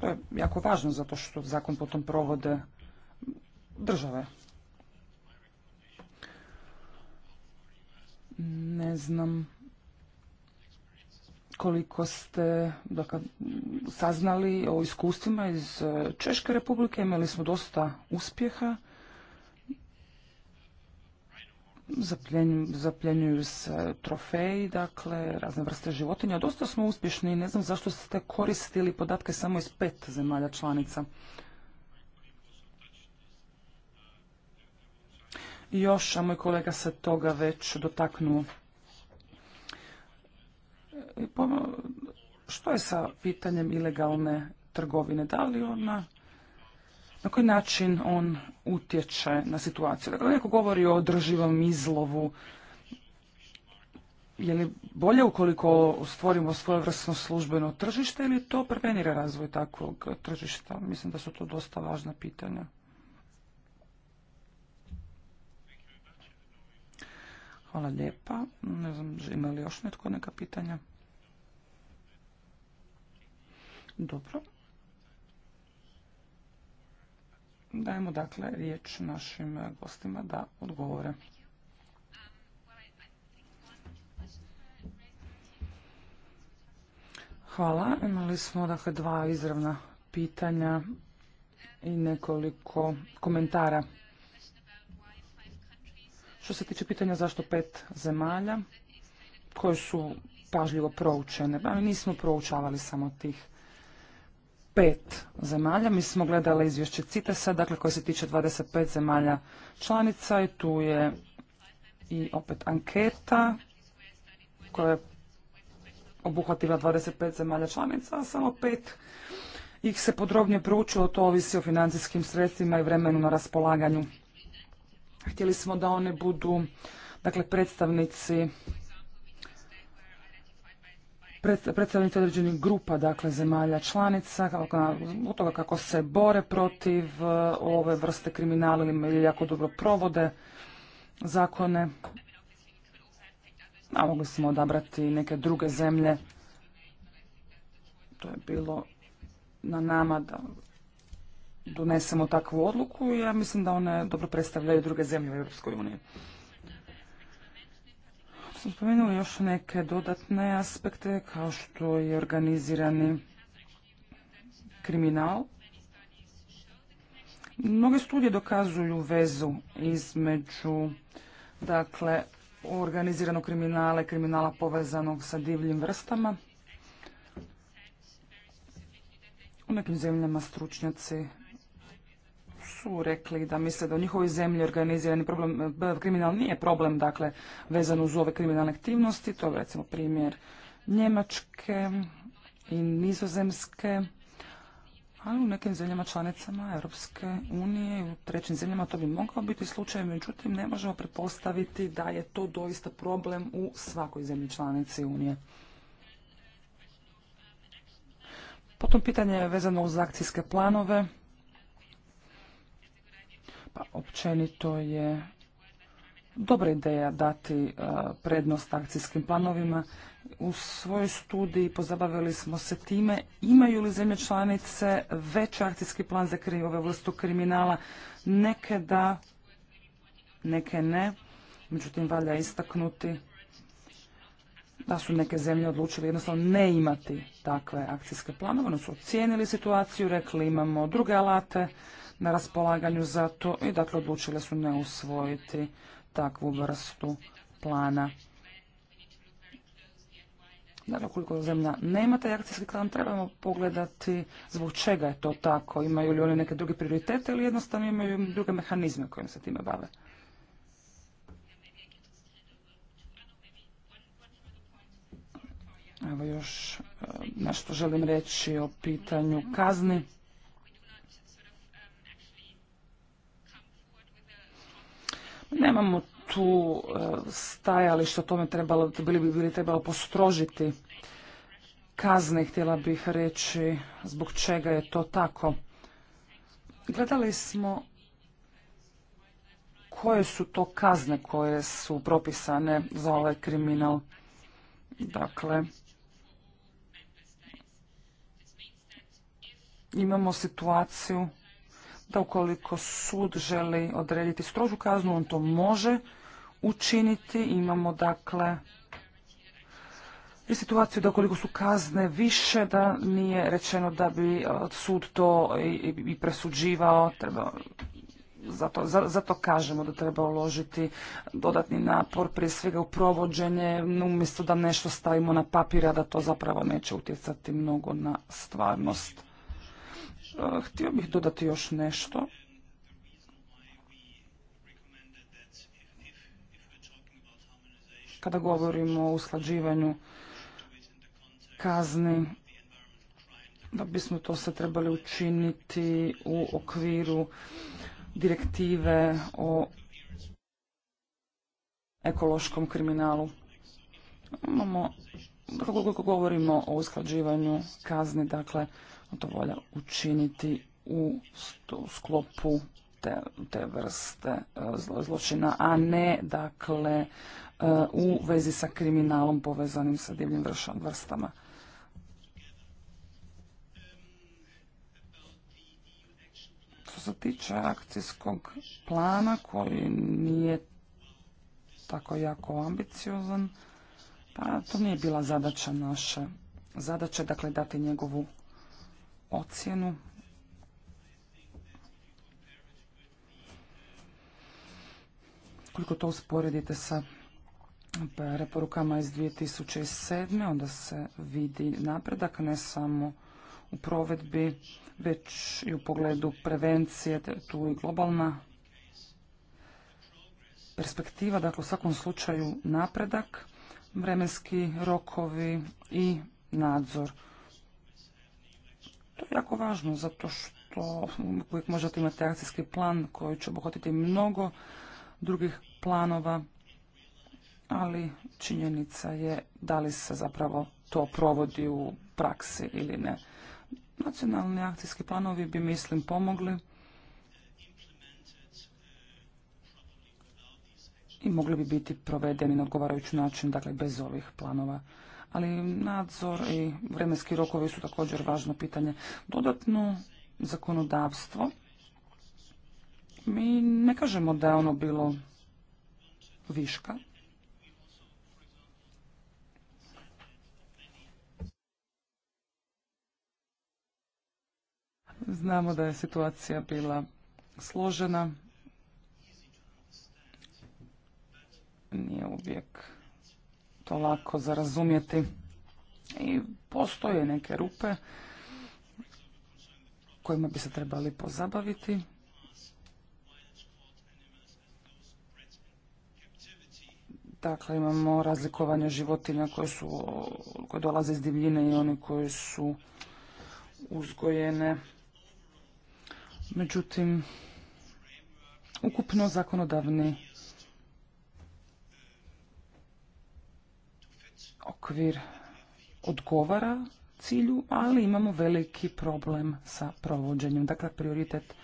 [SPEAKER 3] To je jako važno zato što zakon potom provode države. Ne znam koliko ste dakle, saznali o iskustvima iz Češke republike. Imali smo dosta uspjeha zapljenjuju se trofeji, dakle, razne vrste životinja. Dosta smo uspješni i ne znam zašto ste koristili podatke samo iz pet zemalja članica. Još, a moj kolega se toga već dotaknuo. E, pa, što je sa pitanjem ilegalne trgovine? Da li ona na koji način on utječe na situaciju. Dakle, neko govori o održivom izlovu, je li bolje ukoliko stvorimo svojevrsno službeno tržište ili to prevenira razvoj takvog tržišta? Mislim da su to dosta važna pitanja. Hvala lijepa. Ne znam, ima li još netko neka pitanja? Dobro. Dajemo dakle riječ našim eh, gostima da odgovore. Hvala. Imali smo dakle dva izravna pitanja i nekoliko komentara. Što se tiče pitanja zašto pet zemalja koje su pažljivo proučene, mi pa nismo proučavali samo tih pet zemalja. Mi smo gledali izvješće CITES-a, dakle koje se tiče 25 zemalja članica i tu je i opet anketa koja je obuhvatila 25 zemalja članica, a samo pet ih se podrobnije proučilo, to ovisi o financijskim sredstvima i vremenu na raspolaganju. Htjeli smo da one budu dakle predstavnici predstavnici određenih grupa, dakle zemalja članica, od toga kako se bore protiv e, ove vrste kriminala ili jako dobro provode zakone. A mogli smo odabrati neke druge zemlje. To je bilo na nama da donesemo takvu odluku i ja mislim da one dobro predstavljaju druge zemlje u EU smo spomenuli još neke dodatne aspekte kao što je organizirani kriminal. Mnoge studije dokazuju vezu između dakle organiziranog kriminala i kriminala povezanog sa divljim vrstama. U nekim zemljama stručnjaci rekli da misle da u njihovoj zemlji organizirani problem, kriminal nije problem, dakle, vezan uz ove kriminalne aktivnosti. To je recimo primjer Njemačke i Nizozemske, ali u nekim zemljama članicama Europske unije i u trećim zemljama to bi mogao biti slučaj, međutim ne možemo pretpostaviti da je to doista problem u svakoj zemlji članici unije. Potom pitanje je vezano uz akcijske planove. Pa općenito je dobra ideja dati e, prednost akcijskim planovima. U svojoj studiji pozabavili smo se time imaju li zemlje članice već akcijski plan za ove vrstu kriminala. Neke da, neke ne. Međutim, valja istaknuti da su neke zemlje odlučile jednostavno ne imati takve akcijske planove. Oni su ocijenili situaciju, rekli imamo druge alate, na raspolaganju za to i dakle odlučile su ne usvojiti takvu vrstu plana. Dakle, koliko zemlja nema taj akcijski plan, trebamo pogledati zbog čega je to tako. Imaju li oni neke druge prioritete ili jednostavno imaju druge mehanizme kojim se time bave. Evo još e, nešto želim reći o pitanju kazni. Nemamo tu e, stajališta, o tome trebalo, bili bi trebalo postrožiti kazne, htjela bih reći zbog čega je to tako. Gledali smo koje su to kazne koje su propisane za ovaj kriminal. Dakle, imamo situaciju da ukoliko sud želi odrediti strožu kaznu, on to može učiniti. Imamo dakle i situaciju da ukoliko su kazne više, da nije rečeno da bi e, sud to i presuđivao, treba zato, zato kažemo da treba uložiti dodatni napor, prije svega u provođenje, umjesto da nešto stavimo na papira, da to zapravo neće utjecati mnogo na stvarnost htio bih dodati još nešto. Kada govorimo o usklađivanju kazni, da bismo to se trebali učiniti u okviru direktive o ekološkom kriminalu. Imamo, kako dakle, govorimo o usklađivanju kazni, dakle, to volja učiniti u sklopu te, vrste e, zločina, a ne dakle e, u vezi sa kriminalom povezanim sa divljim vrstama. Što se tiče akcijskog plana koji nije tako jako ambiciozan, pa to nije bila zadaća naše. Zadaća dakle dati njegovu ocjenu. Koliko to usporedite sa preporukama iz 2007. onda se vidi napredak ne samo u provedbi, već i u pogledu prevencije, tu i globalna perspektiva, dakle u svakom slučaju napredak, vremenski rokovi i nadzor. To je jako važno zato što uvijek možete imati akcijski plan koji će obuhvatiti mnogo drugih planova, ali činjenica je da li se zapravo to provodi u praksi ili ne. Nacionalni akcijski planovi bi, mislim, pomogli i mogli bi biti provedeni na odgovarajući način, dakle bez ovih planova ali nadzor i vremenski rokovi su također važno pitanje. Dodatno zakonodavstvo, mi ne kažemo da je ono bilo viška, Znamo da je situacija bila složena. Nije uvijek to lako za razumjeti. I postoje neke rupe kojima bi se trebali pozabaviti. Dakle, imamo razlikovanje životinja koje, su, koje dolaze iz divljine i oni koje su uzgojene. Međutim, ukupno zakonodavni okvir odgovara cilju, ali imamo veliki problem sa provođenjem. Dakle, prioritet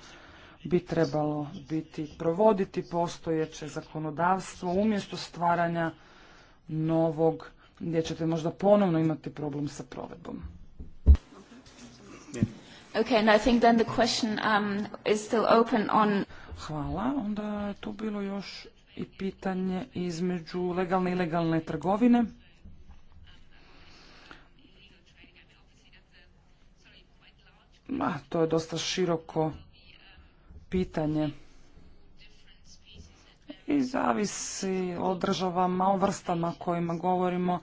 [SPEAKER 3] bi trebalo biti provoditi postojeće zakonodavstvo umjesto stvaranja novog gdje ćete možda ponovno imati problem sa provedbom. Hvala. Onda je tu bilo još i pitanje između legalne i ilegalne trgovine. Ma, to je dosta široko pitanje i zavisi o državama, o vrstama kojima govorimo,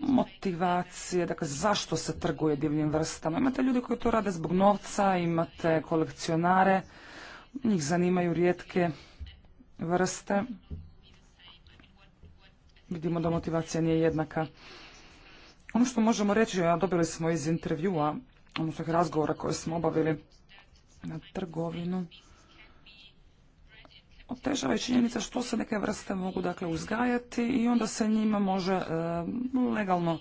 [SPEAKER 3] motivacije, dakle zašto se trguje divljim vrstama. Imate ljudi koji to rade zbog novca, imate kolekcionare, njih zanimaju rijetke vrste. Vidimo da motivacija nije jednaka. Ono što možemo reći, a dobili smo iz intervjua odnosno razgovora koje smo obavili na trgovinu otežava je činjenica što se neke vrste mogu dakle uzgajati i onda se njima može e, legalno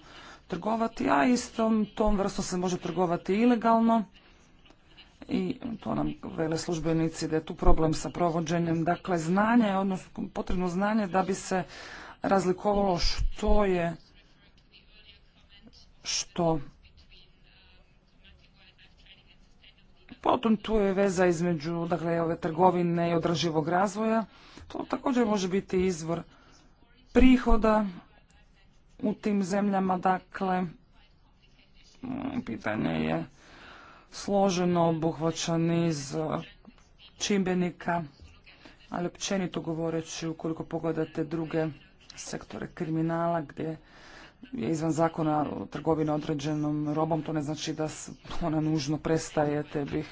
[SPEAKER 3] trgovati, a istom tom vrstom se može trgovati ilegalno i to nam vele službenici da je tu problem sa provođenjem. Dakle, znanje, odnosno potrebno znanje da bi se razlikovalo što je što Potom tu je veza između dakle, ove trgovine i održivog razvoja. To također može biti izvor prihoda u tim zemljama. Dakle, mm, pitanje je složeno, obuhvaća iz e, čimbenika, ali općenito govoreći ukoliko pogledate druge sektore kriminala gdje je izvan zakona trgovina određenom robom, to ne znači da ona nužno prestaje, te bih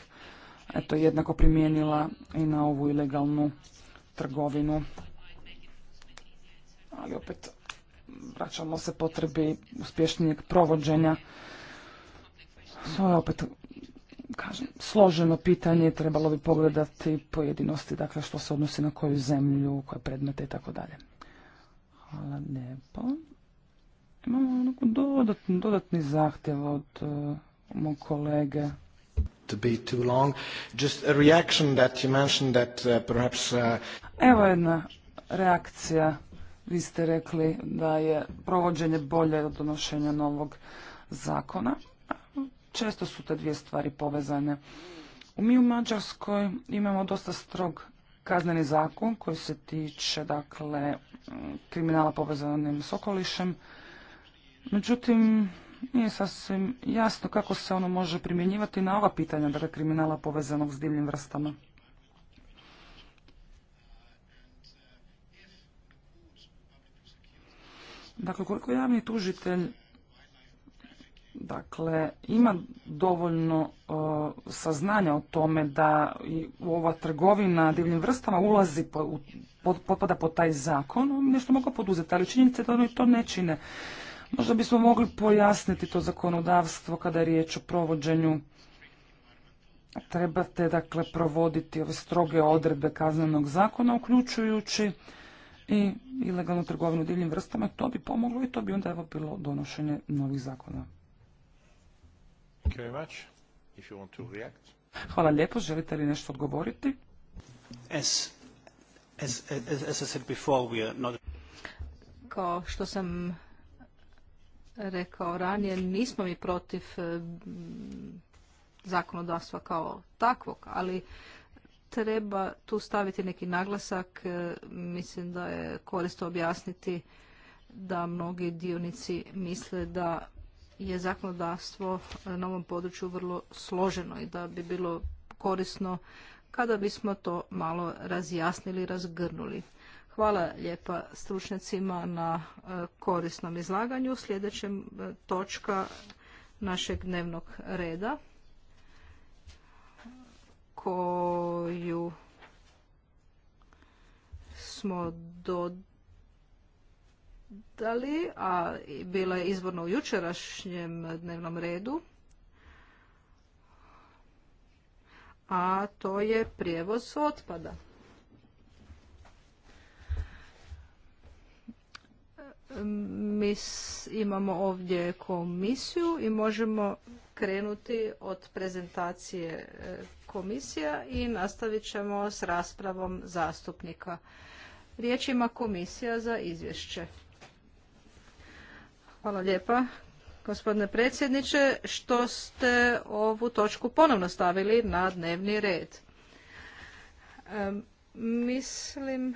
[SPEAKER 3] eto, jednako primijenila i na ovu ilegalnu trgovinu. Ali opet vraćamo se potrebi uspješnijeg provođenja. To je opet kažem, složeno pitanje, trebalo bi pogledati pojedinosti, dakle što se odnosi na koju zemlju, koje predmete i tako dalje. Hvala lijepo. Imamo dodatni, dodatni zahtjev od uh, mog kolege.
[SPEAKER 2] To be too long. Just a reaction that you mentioned that uh,
[SPEAKER 1] perhaps... Uh,
[SPEAKER 3] Evo jedna reakcija. Vi ste rekli da je provođenje bolje od donošenja novog zakona. Često su te dvije stvari povezane. Mi u Mađarskoj imamo dosta strog kazneni zakon koji se tiče dakle mm, kriminala povezanim s okolišem. Međutim, nije sasvim jasno kako se ono može primjenjivati na ova pitanja, dakle kriminala povezanog s divljim vrstama. Dakle, koliko javni tužitelj dakle, ima dovoljno saznanja o tome da i ova trgovina divljim vrstama ulazi, po, pod, potpada pod taj zakon, nešto mogu poduzeti, ali činjenica je da oni to ne čine. Možda bismo mogli pojasniti to zakonodavstvo kada je riječ o provođenju. Trebate dakle provoditi ove stroge odredbe kaznenog zakona uključujući i ilegalnu trgovinu divljim vrstama. To bi pomoglo i to bi onda evo bilo donošenje novih zakona. Hvala lijepo. Želite li nešto odgovoriti? Kao što
[SPEAKER 1] sam rekao ranije, nismo mi protiv e, zakonodavstva kao takvog, ali treba tu staviti neki naglasak. E, mislim da je korisno objasniti da mnogi dionici misle da je zakonodavstvo na ovom području vrlo složeno i da bi bilo korisno kada bismo to malo razjasnili, razgrnuli. Hvala lijepa stručnjacima na e, korisnom izlaganju. Sljedeća e, točka našeg dnevnog reda koju smo dodali, a bila je izvorno u jučerašnjem dnevnom redu, a to je prijevoz otpada. mi imamo ovdje komisiju i možemo krenuti od prezentacije e, komisija i nastavit ćemo s raspravom zastupnika. Riječ ima komisija za izvješće. Hvala lijepa, gospodine predsjedniče, što ste ovu točku ponovno stavili na dnevni red. mislim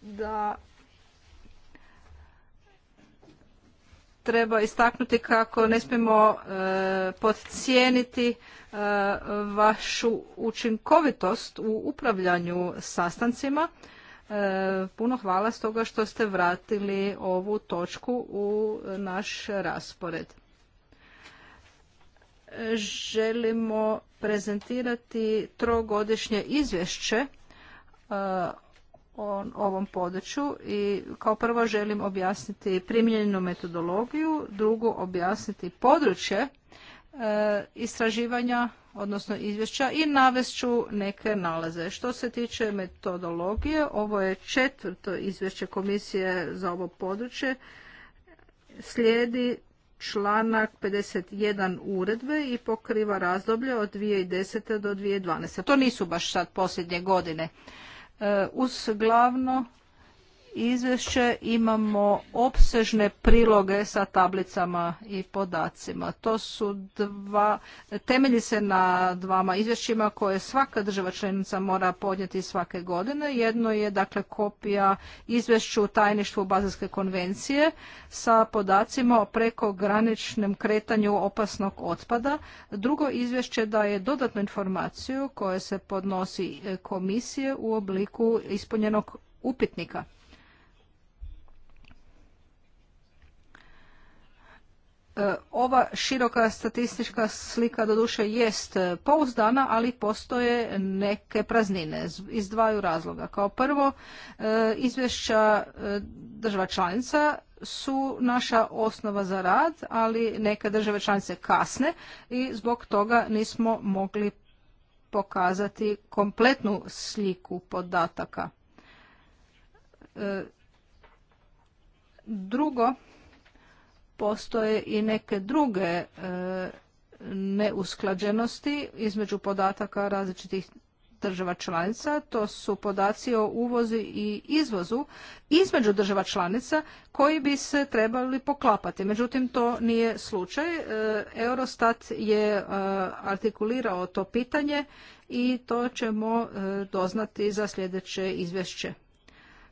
[SPEAKER 1] da treba istaknuti kako ne smijemo e, podcijeniti e, vašu učinkovitost u upravljanju sastancima. E, puno hvala stoga što ste vratili ovu točku u naš raspored. Želimo prezentirati trogodišnje izvješće o ovom području i kao prvo želim objasniti primijenjenu metodologiju, drugo objasniti područje e, istraživanja, odnosno izvješća i navest neke nalaze. Što se tiče metodologije, ovo je četvrto izvješće komisije za ovo područje. Slijedi članak 51 uredbe i pokriva razdoblje od 2010. do 2012. To nisu baš sad posljednje godine. E, uz glavno izvješće imamo opsežne priloge sa tablicama i podacima. To su dva, temelji se na dvama izvješćima koje svaka država članica mora podnijeti svake godine. Jedno je dakle kopija izvješću tajništvu Bazarske konvencije sa podacima o prekograničnom kretanju opasnog otpada. Drugo izvješće daje dodatnu informaciju koje se podnosi e, komisije u obliku ispunjenog upitnika. E, ova široka statistička slika doduše jest e, pouzdana, ali postoje neke praznine iz dvaju razloga. Kao prvo, e, izvješća država članica su naša osnova za rad, ali neke države članice kasne i zbog toga nismo mogli pokazati kompletnu sliku podataka. Drugo, postoje i neke druge e, neusklađenosti između podataka različitih država članica, to su podaci o uvozi i izvozu između država članica koji bi se trebali poklapati. Međutim, to nije slučaj. E, Eurostat je e, artikulirao to pitanje i to ćemo doznati za sljedeće izvješće.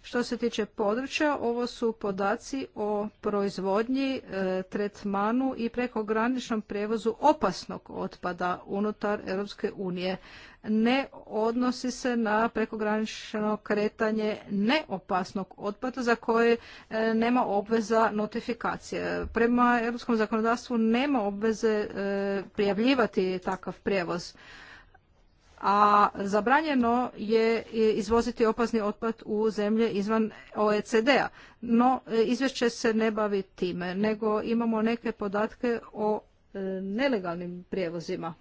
[SPEAKER 1] Što se tiče područja, ovo su podaci o proizvodnji, e, tretmanu i prekograničnom prijevozu opasnog otpada unutar Europske unije. Ne odnosi se na prekogranično kretanje neopasnog otpada za koje e, nema obveza notifikacije. Prema europskom zakonodavstvu nema obveze e, prijavljivati takav prijevoz a zabranjeno je izvoziti opasni otpad u zemlje izvan OECD-a. No, e, izvješće se ne bavi time, nego imamo neke podatke o e, nelegalnim prijevozima.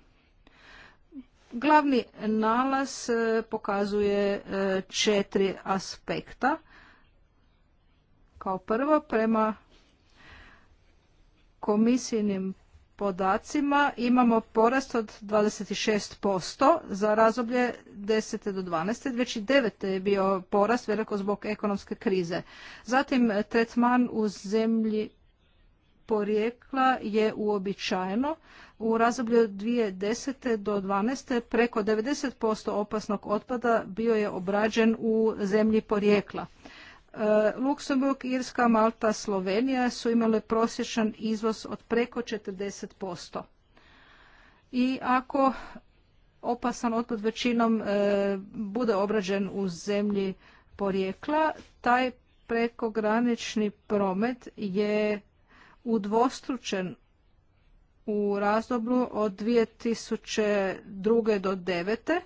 [SPEAKER 1] Glavni nalaz e, pokazuje četiri aspekta. Kao prvo, prema komisijnim podacima imamo porast od 26% za razoblje 10. do 12. Već i 9. je bio porast veliko zbog ekonomske krize. Zatim tretman u zemlji porijekla je uobičajeno. U razoblju od 2010. do 2012. preko 90% opasnog otpada bio je obrađen u zemlji porijekla. Eh, Luksemburg, Irska, Malta, Slovenija su imale prosječan izvoz od preko 40%. I ako opasan otpad većinom eh, bude obrađen u zemlji porijekla, taj prekogranični promet je udvostručen u razdoblju od 2002. do 2009.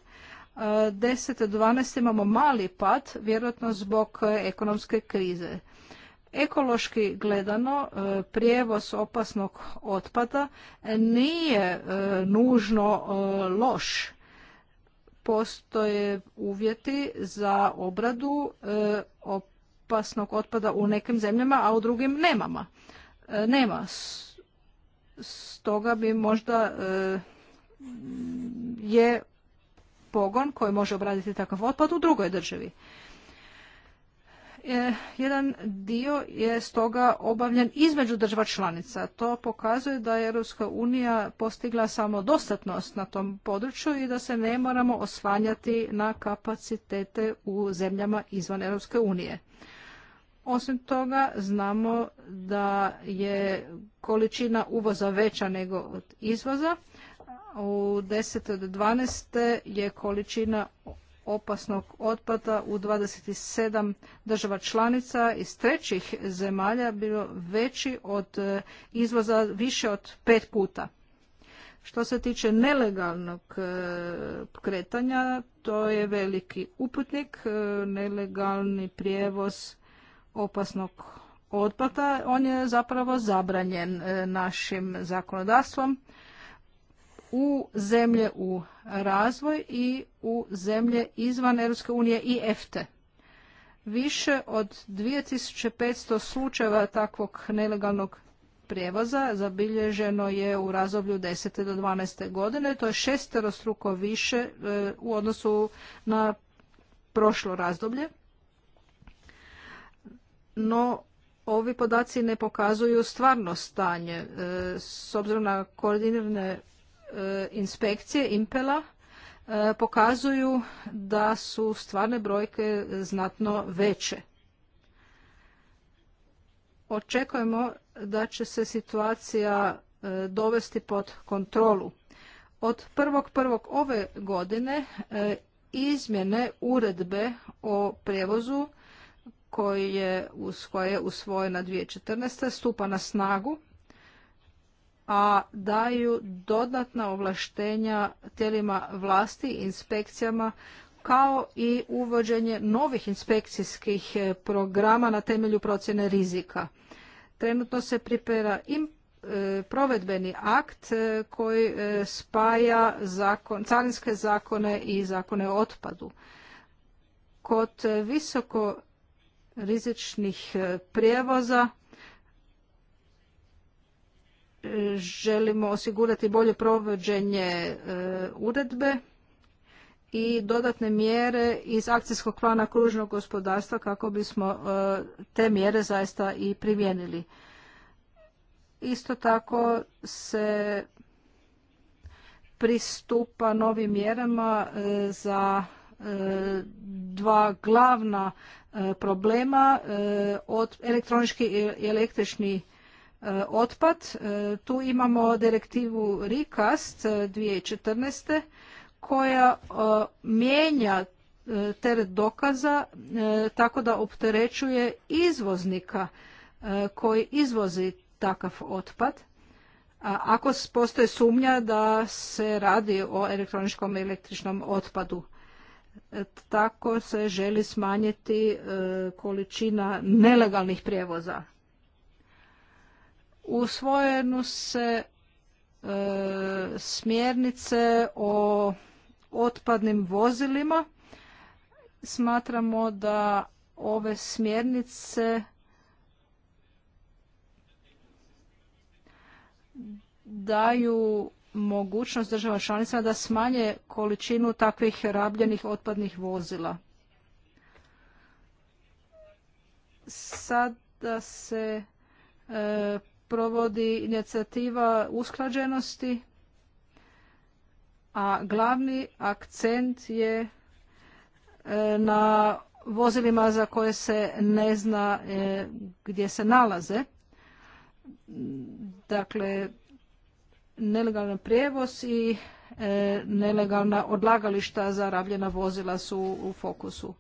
[SPEAKER 1] 10. imamo mali pad, vjerojatno zbog e, ekonomske krize. Ekološki gledano, e, prijevoz opasnog otpada nije e, nužno loš. Postoje uvjeti za obradu opasnog otpada u nekim zemljama, a u drugim nemama. Nema. Stoga bi možda je pogon koji može obraditi takav otpad u drugoj državi. E, jedan dio je stoga obavljen između država članica. To pokazuje da je Europska unija postigla samodostatnost na tom području i da se ne moramo oslanjati na kapacitete u zemljama izvan Europske unije. Osim toga, znamo da je količina uvoza veća nego od izvoza u 10. do 12. je količina opasnog otpada u 27 država članica iz trećih zemalja bio veći od e, izvoza više od pet puta. Što se tiče nelegalnog e, kretanja, to je veliki uputnik, e, nelegalni prijevoz opasnog otpada. On je zapravo zabranjen našim zakonodavstvom u zemlje u razvoj i u zemlje izvan Europske unije i EFTE. Više od 2500 slučajeva takvog nelegalnog prijevoza zabilježeno je u razdoblju 10. do 12. godine. To je šesterostruko više e, u odnosu na prošlo razdoblje. No, ovi podaci ne pokazuju stvarno stanje. E, s obzirom na koordinirane E, inspekcije Impela e, pokazuju da su stvarne brojke znatno veće. Očekujemo da će se situacija e, dovesti pod kontrolu. Od 1.1. ove godine izmjene uredbe o prevozu koji je, koja je usvojena 2014. stupa na snagu a daju dodatna ovlaštenja tijelima vlasti, inspekcijama, kao i uvođenje novih inspekcijskih e, programa na temelju procjene rizika. Trenutno se pripera i e, provedbeni akt e, koji spaja zakon, carinske zakone i zakone o otpadu. Kod visoko rizičnih prijevoza želimo osigurati bolje provođenje e, uredbe i dodatne mjere iz akcijskog plana kružnog gospodarstva kako bismo e, te mjere zaista i primijenili. Isto tako se pristupa novim mjerama e, za dva glavna problema od elektronički i električni E, otpad. E, tu imamo direktivu RICAST 2014. E, koja mijenja teret dokaza tako da opterećuje izvoznika koji izvozi takav otpad. ako postoji sumnja da se radi o elektroničkom i električnom otpadu, tako se želi smanjiti količina nelegalnih prijevoza usvojenu se e, smjernice o otpadnim vozilima. Smatramo da ove smjernice daju mogućnost država članicama da smanje količinu takvih rabljenih otpadnih vozila. Sada se e, provodi inicijativa usklađenosti, a glavni akcent je e, na vozilima za koje se ne zna e, gdje se nalaze. Dakle, nelegalna prijevoz i e, nelegalna odlagališta za rabljena vozila su u fokusu.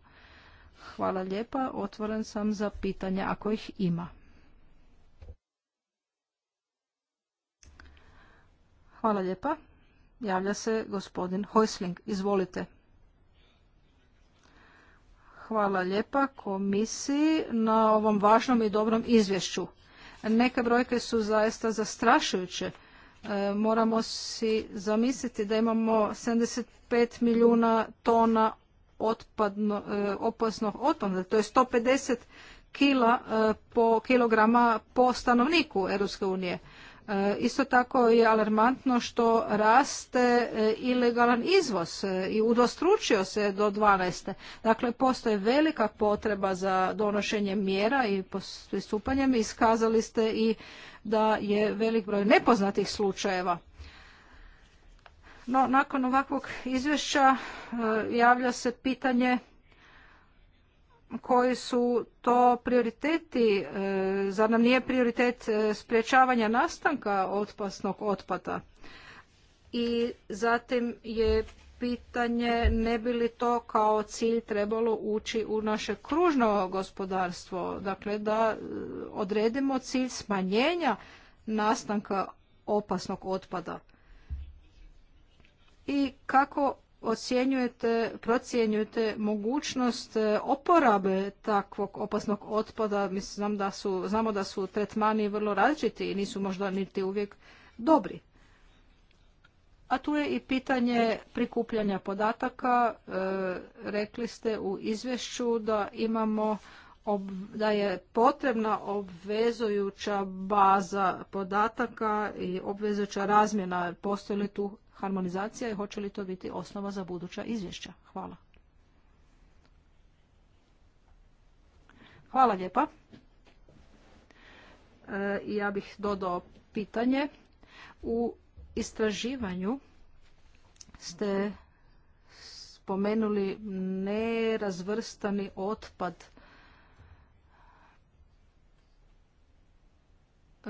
[SPEAKER 1] Hvala lijepa, otvoren sam za pitanja ako ih ima. Hvala lijepa. Javlja se gospodin Hojsling. Izvolite. Hvala lijepa komisiji na ovom važnom i dobrom izvješću. Neke brojke su zaista zastrašujuće. E, moramo si zamisliti da imamo 75 milijuna tona otpadno, e, opasnog otpada. To je 150 kila e, po kilograma po stanovniku Europske unije. E, isto tako je alarmantno što raste e, ilegalan izvoz e, i udostručio se do 12. Dakle, postoje velika potreba za donošenje mjera i pristupanjem. Iskazali ste i da je velik broj nepoznatih slučajeva. No, nakon ovakvog izvješća javlja se pitanje koji su to prioriteti, e, zar nam nije prioritet e, sprječavanja nastanka otpasnog otpada? I zatim je pitanje ne bi li to kao cilj trebalo ući u naše kružno gospodarstvo, dakle da e, odredimo cilj smanjenja nastanka opasnog otpada. I kako ocjenjujete, procjenjujete mogućnost e, oporabe takvog opasnog otpada? Mislim da su, znamo da su tretmani vrlo različiti i nisu možda niti uvijek dobri. A tu je i pitanje prikupljanja podataka. E, rekli ste u izvješću da imamo da je potrebna obvezujuća baza podataka i obvezujuća razmjena. Postoji li tu harmonizacija i hoće li to biti osnova za buduća izvješća? Hvala. Hvala lijepa. E, ja bih dodao pitanje. U istraživanju ste spomenuli nerazvrstani otpad e,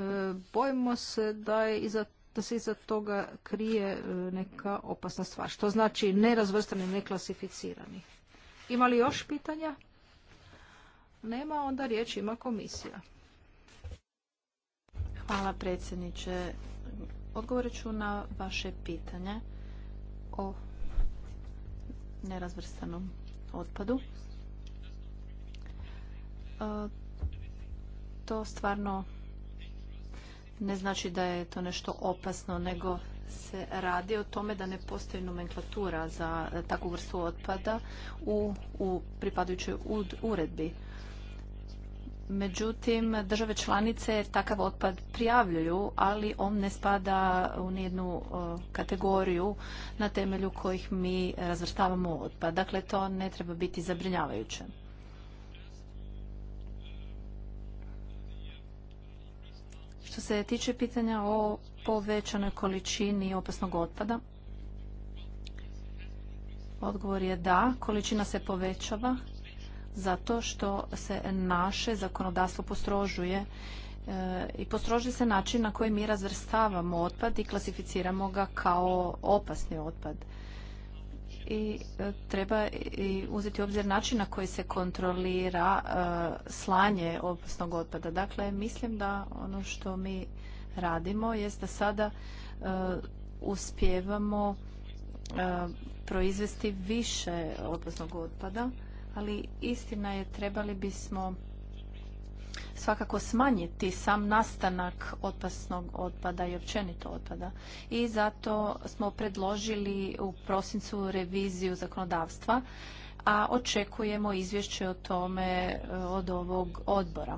[SPEAKER 1] Bojimo se da je iza se iza toga krije e, neka opasna stvar. Što znači nerazvrstani, neklasificirani. Ima li još pitanja? Nema, onda riječ ima komisija.
[SPEAKER 2] Hvala predsjedniče. Odgovorit ću na vaše pitanje o nerazvrstanom otpadu. E, to stvarno ne znači da je to nešto opasno, nego se radi o tome da ne postoji nomenklatura za e, takvu vrstu otpada u, u pripadajućoj uredbi. Međutim, države članice takav otpad prijavljuju, ali on ne spada u nijednu e, kategoriju na temelju kojih mi razvrstavamo otpad. Dakle, to ne treba biti zabrinjavajuće. Što se tiče pitanja o povećanoj količini opasnog otpada, odgovor je da, količina se povećava zato što se naše zakonodavstvo postrožuje e, i postrožuje se način na koji mi razvrstavamo otpad i klasificiramo ga kao opasni otpad i e, treba i uzeti u obzir način na koji se kontrolira e, slanje opasnog otpada. Dakle, mislim da ono što mi radimo jest da sada e, uspjevamo proizvesti više opasnog otpada, ali istina je trebali bismo svakako smanjiti sam nastanak opasnog otpada i općenito otpada. I zato smo predložili u prosincu reviziju zakonodavstva, a očekujemo izvješće o tome e, od ovog odbora. E,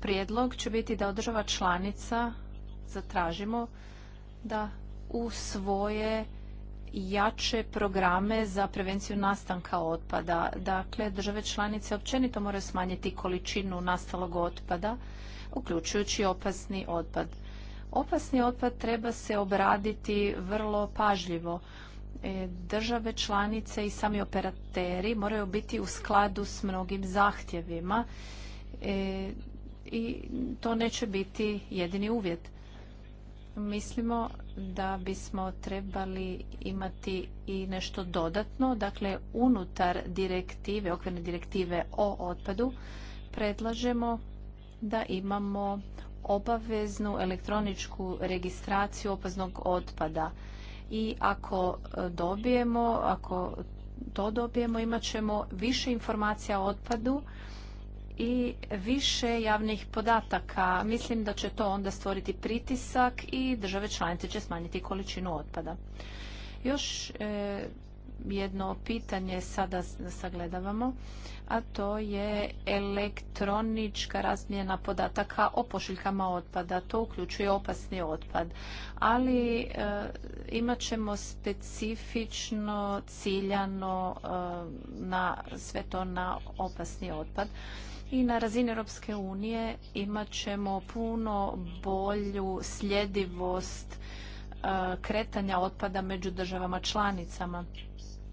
[SPEAKER 2] prijedlog će biti da održava članica zatražimo da u svoje jače programe za prevenciju nastanka otpada. Dakle, države članice općenito moraju smanjiti količinu nastalog otpada, uključujući opasni otpad. Opasni otpad treba se obraditi vrlo pažljivo. E, države članice i sami operateri moraju biti u skladu s mnogim zahtjevima e, i to neće biti jedini uvjet mislimo da bismo trebali imati i nešto dodatno. Dakle, unutar direktive, okvirne direktive o otpadu, predlažemo da imamo obaveznu elektroničku registraciju opaznog otpada. I ako e, dobijemo, ako to dobijemo, imat ćemo više informacija o otpadu i više javnih podataka. Mislim da će to onda stvoriti pritisak i države članice će smanjiti količinu otpada. Još e, jedno pitanje sada sagledavamo, a to je elektronička razmjena podataka o pošiljkama otpada. To uključuje opasni otpad, ali e, imat ćemo specifično ciljano e, na sve to na opasni otpad i na razini Europske unije imat ćemo puno bolju sljedivost e, kretanja otpada među državama članicama.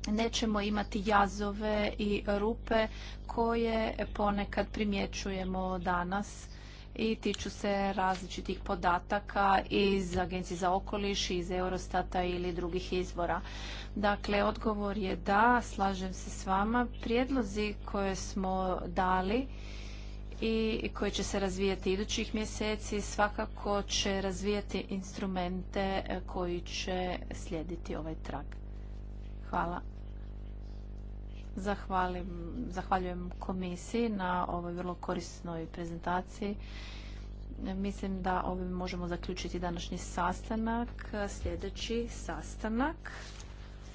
[SPEAKER 2] Nećemo imati jazove i rupe koje ponekad primjećujemo danas i tiču se različitih podataka iz Agencije za okoliš, iz Eurostata ili drugih izvora. Dakle, odgovor je da, slažem se s vama. Prijedlozi koje smo dali i koje će se razvijati idućih mjeseci svakako će razvijati instrumente koji će slijediti ovaj trag. Hvala zahvaljujem komisiji na ovoj vrlo korisnoj prezentaciji. Mislim da ovim možemo zaključiti današnji sastanak. Sljedeći sastanak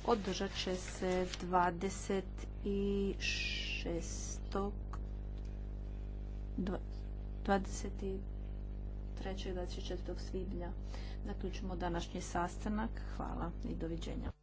[SPEAKER 2] održat će se 26. 23. 24. svibnja. Zaključimo današnji sastanak. Hvala i doviđenja.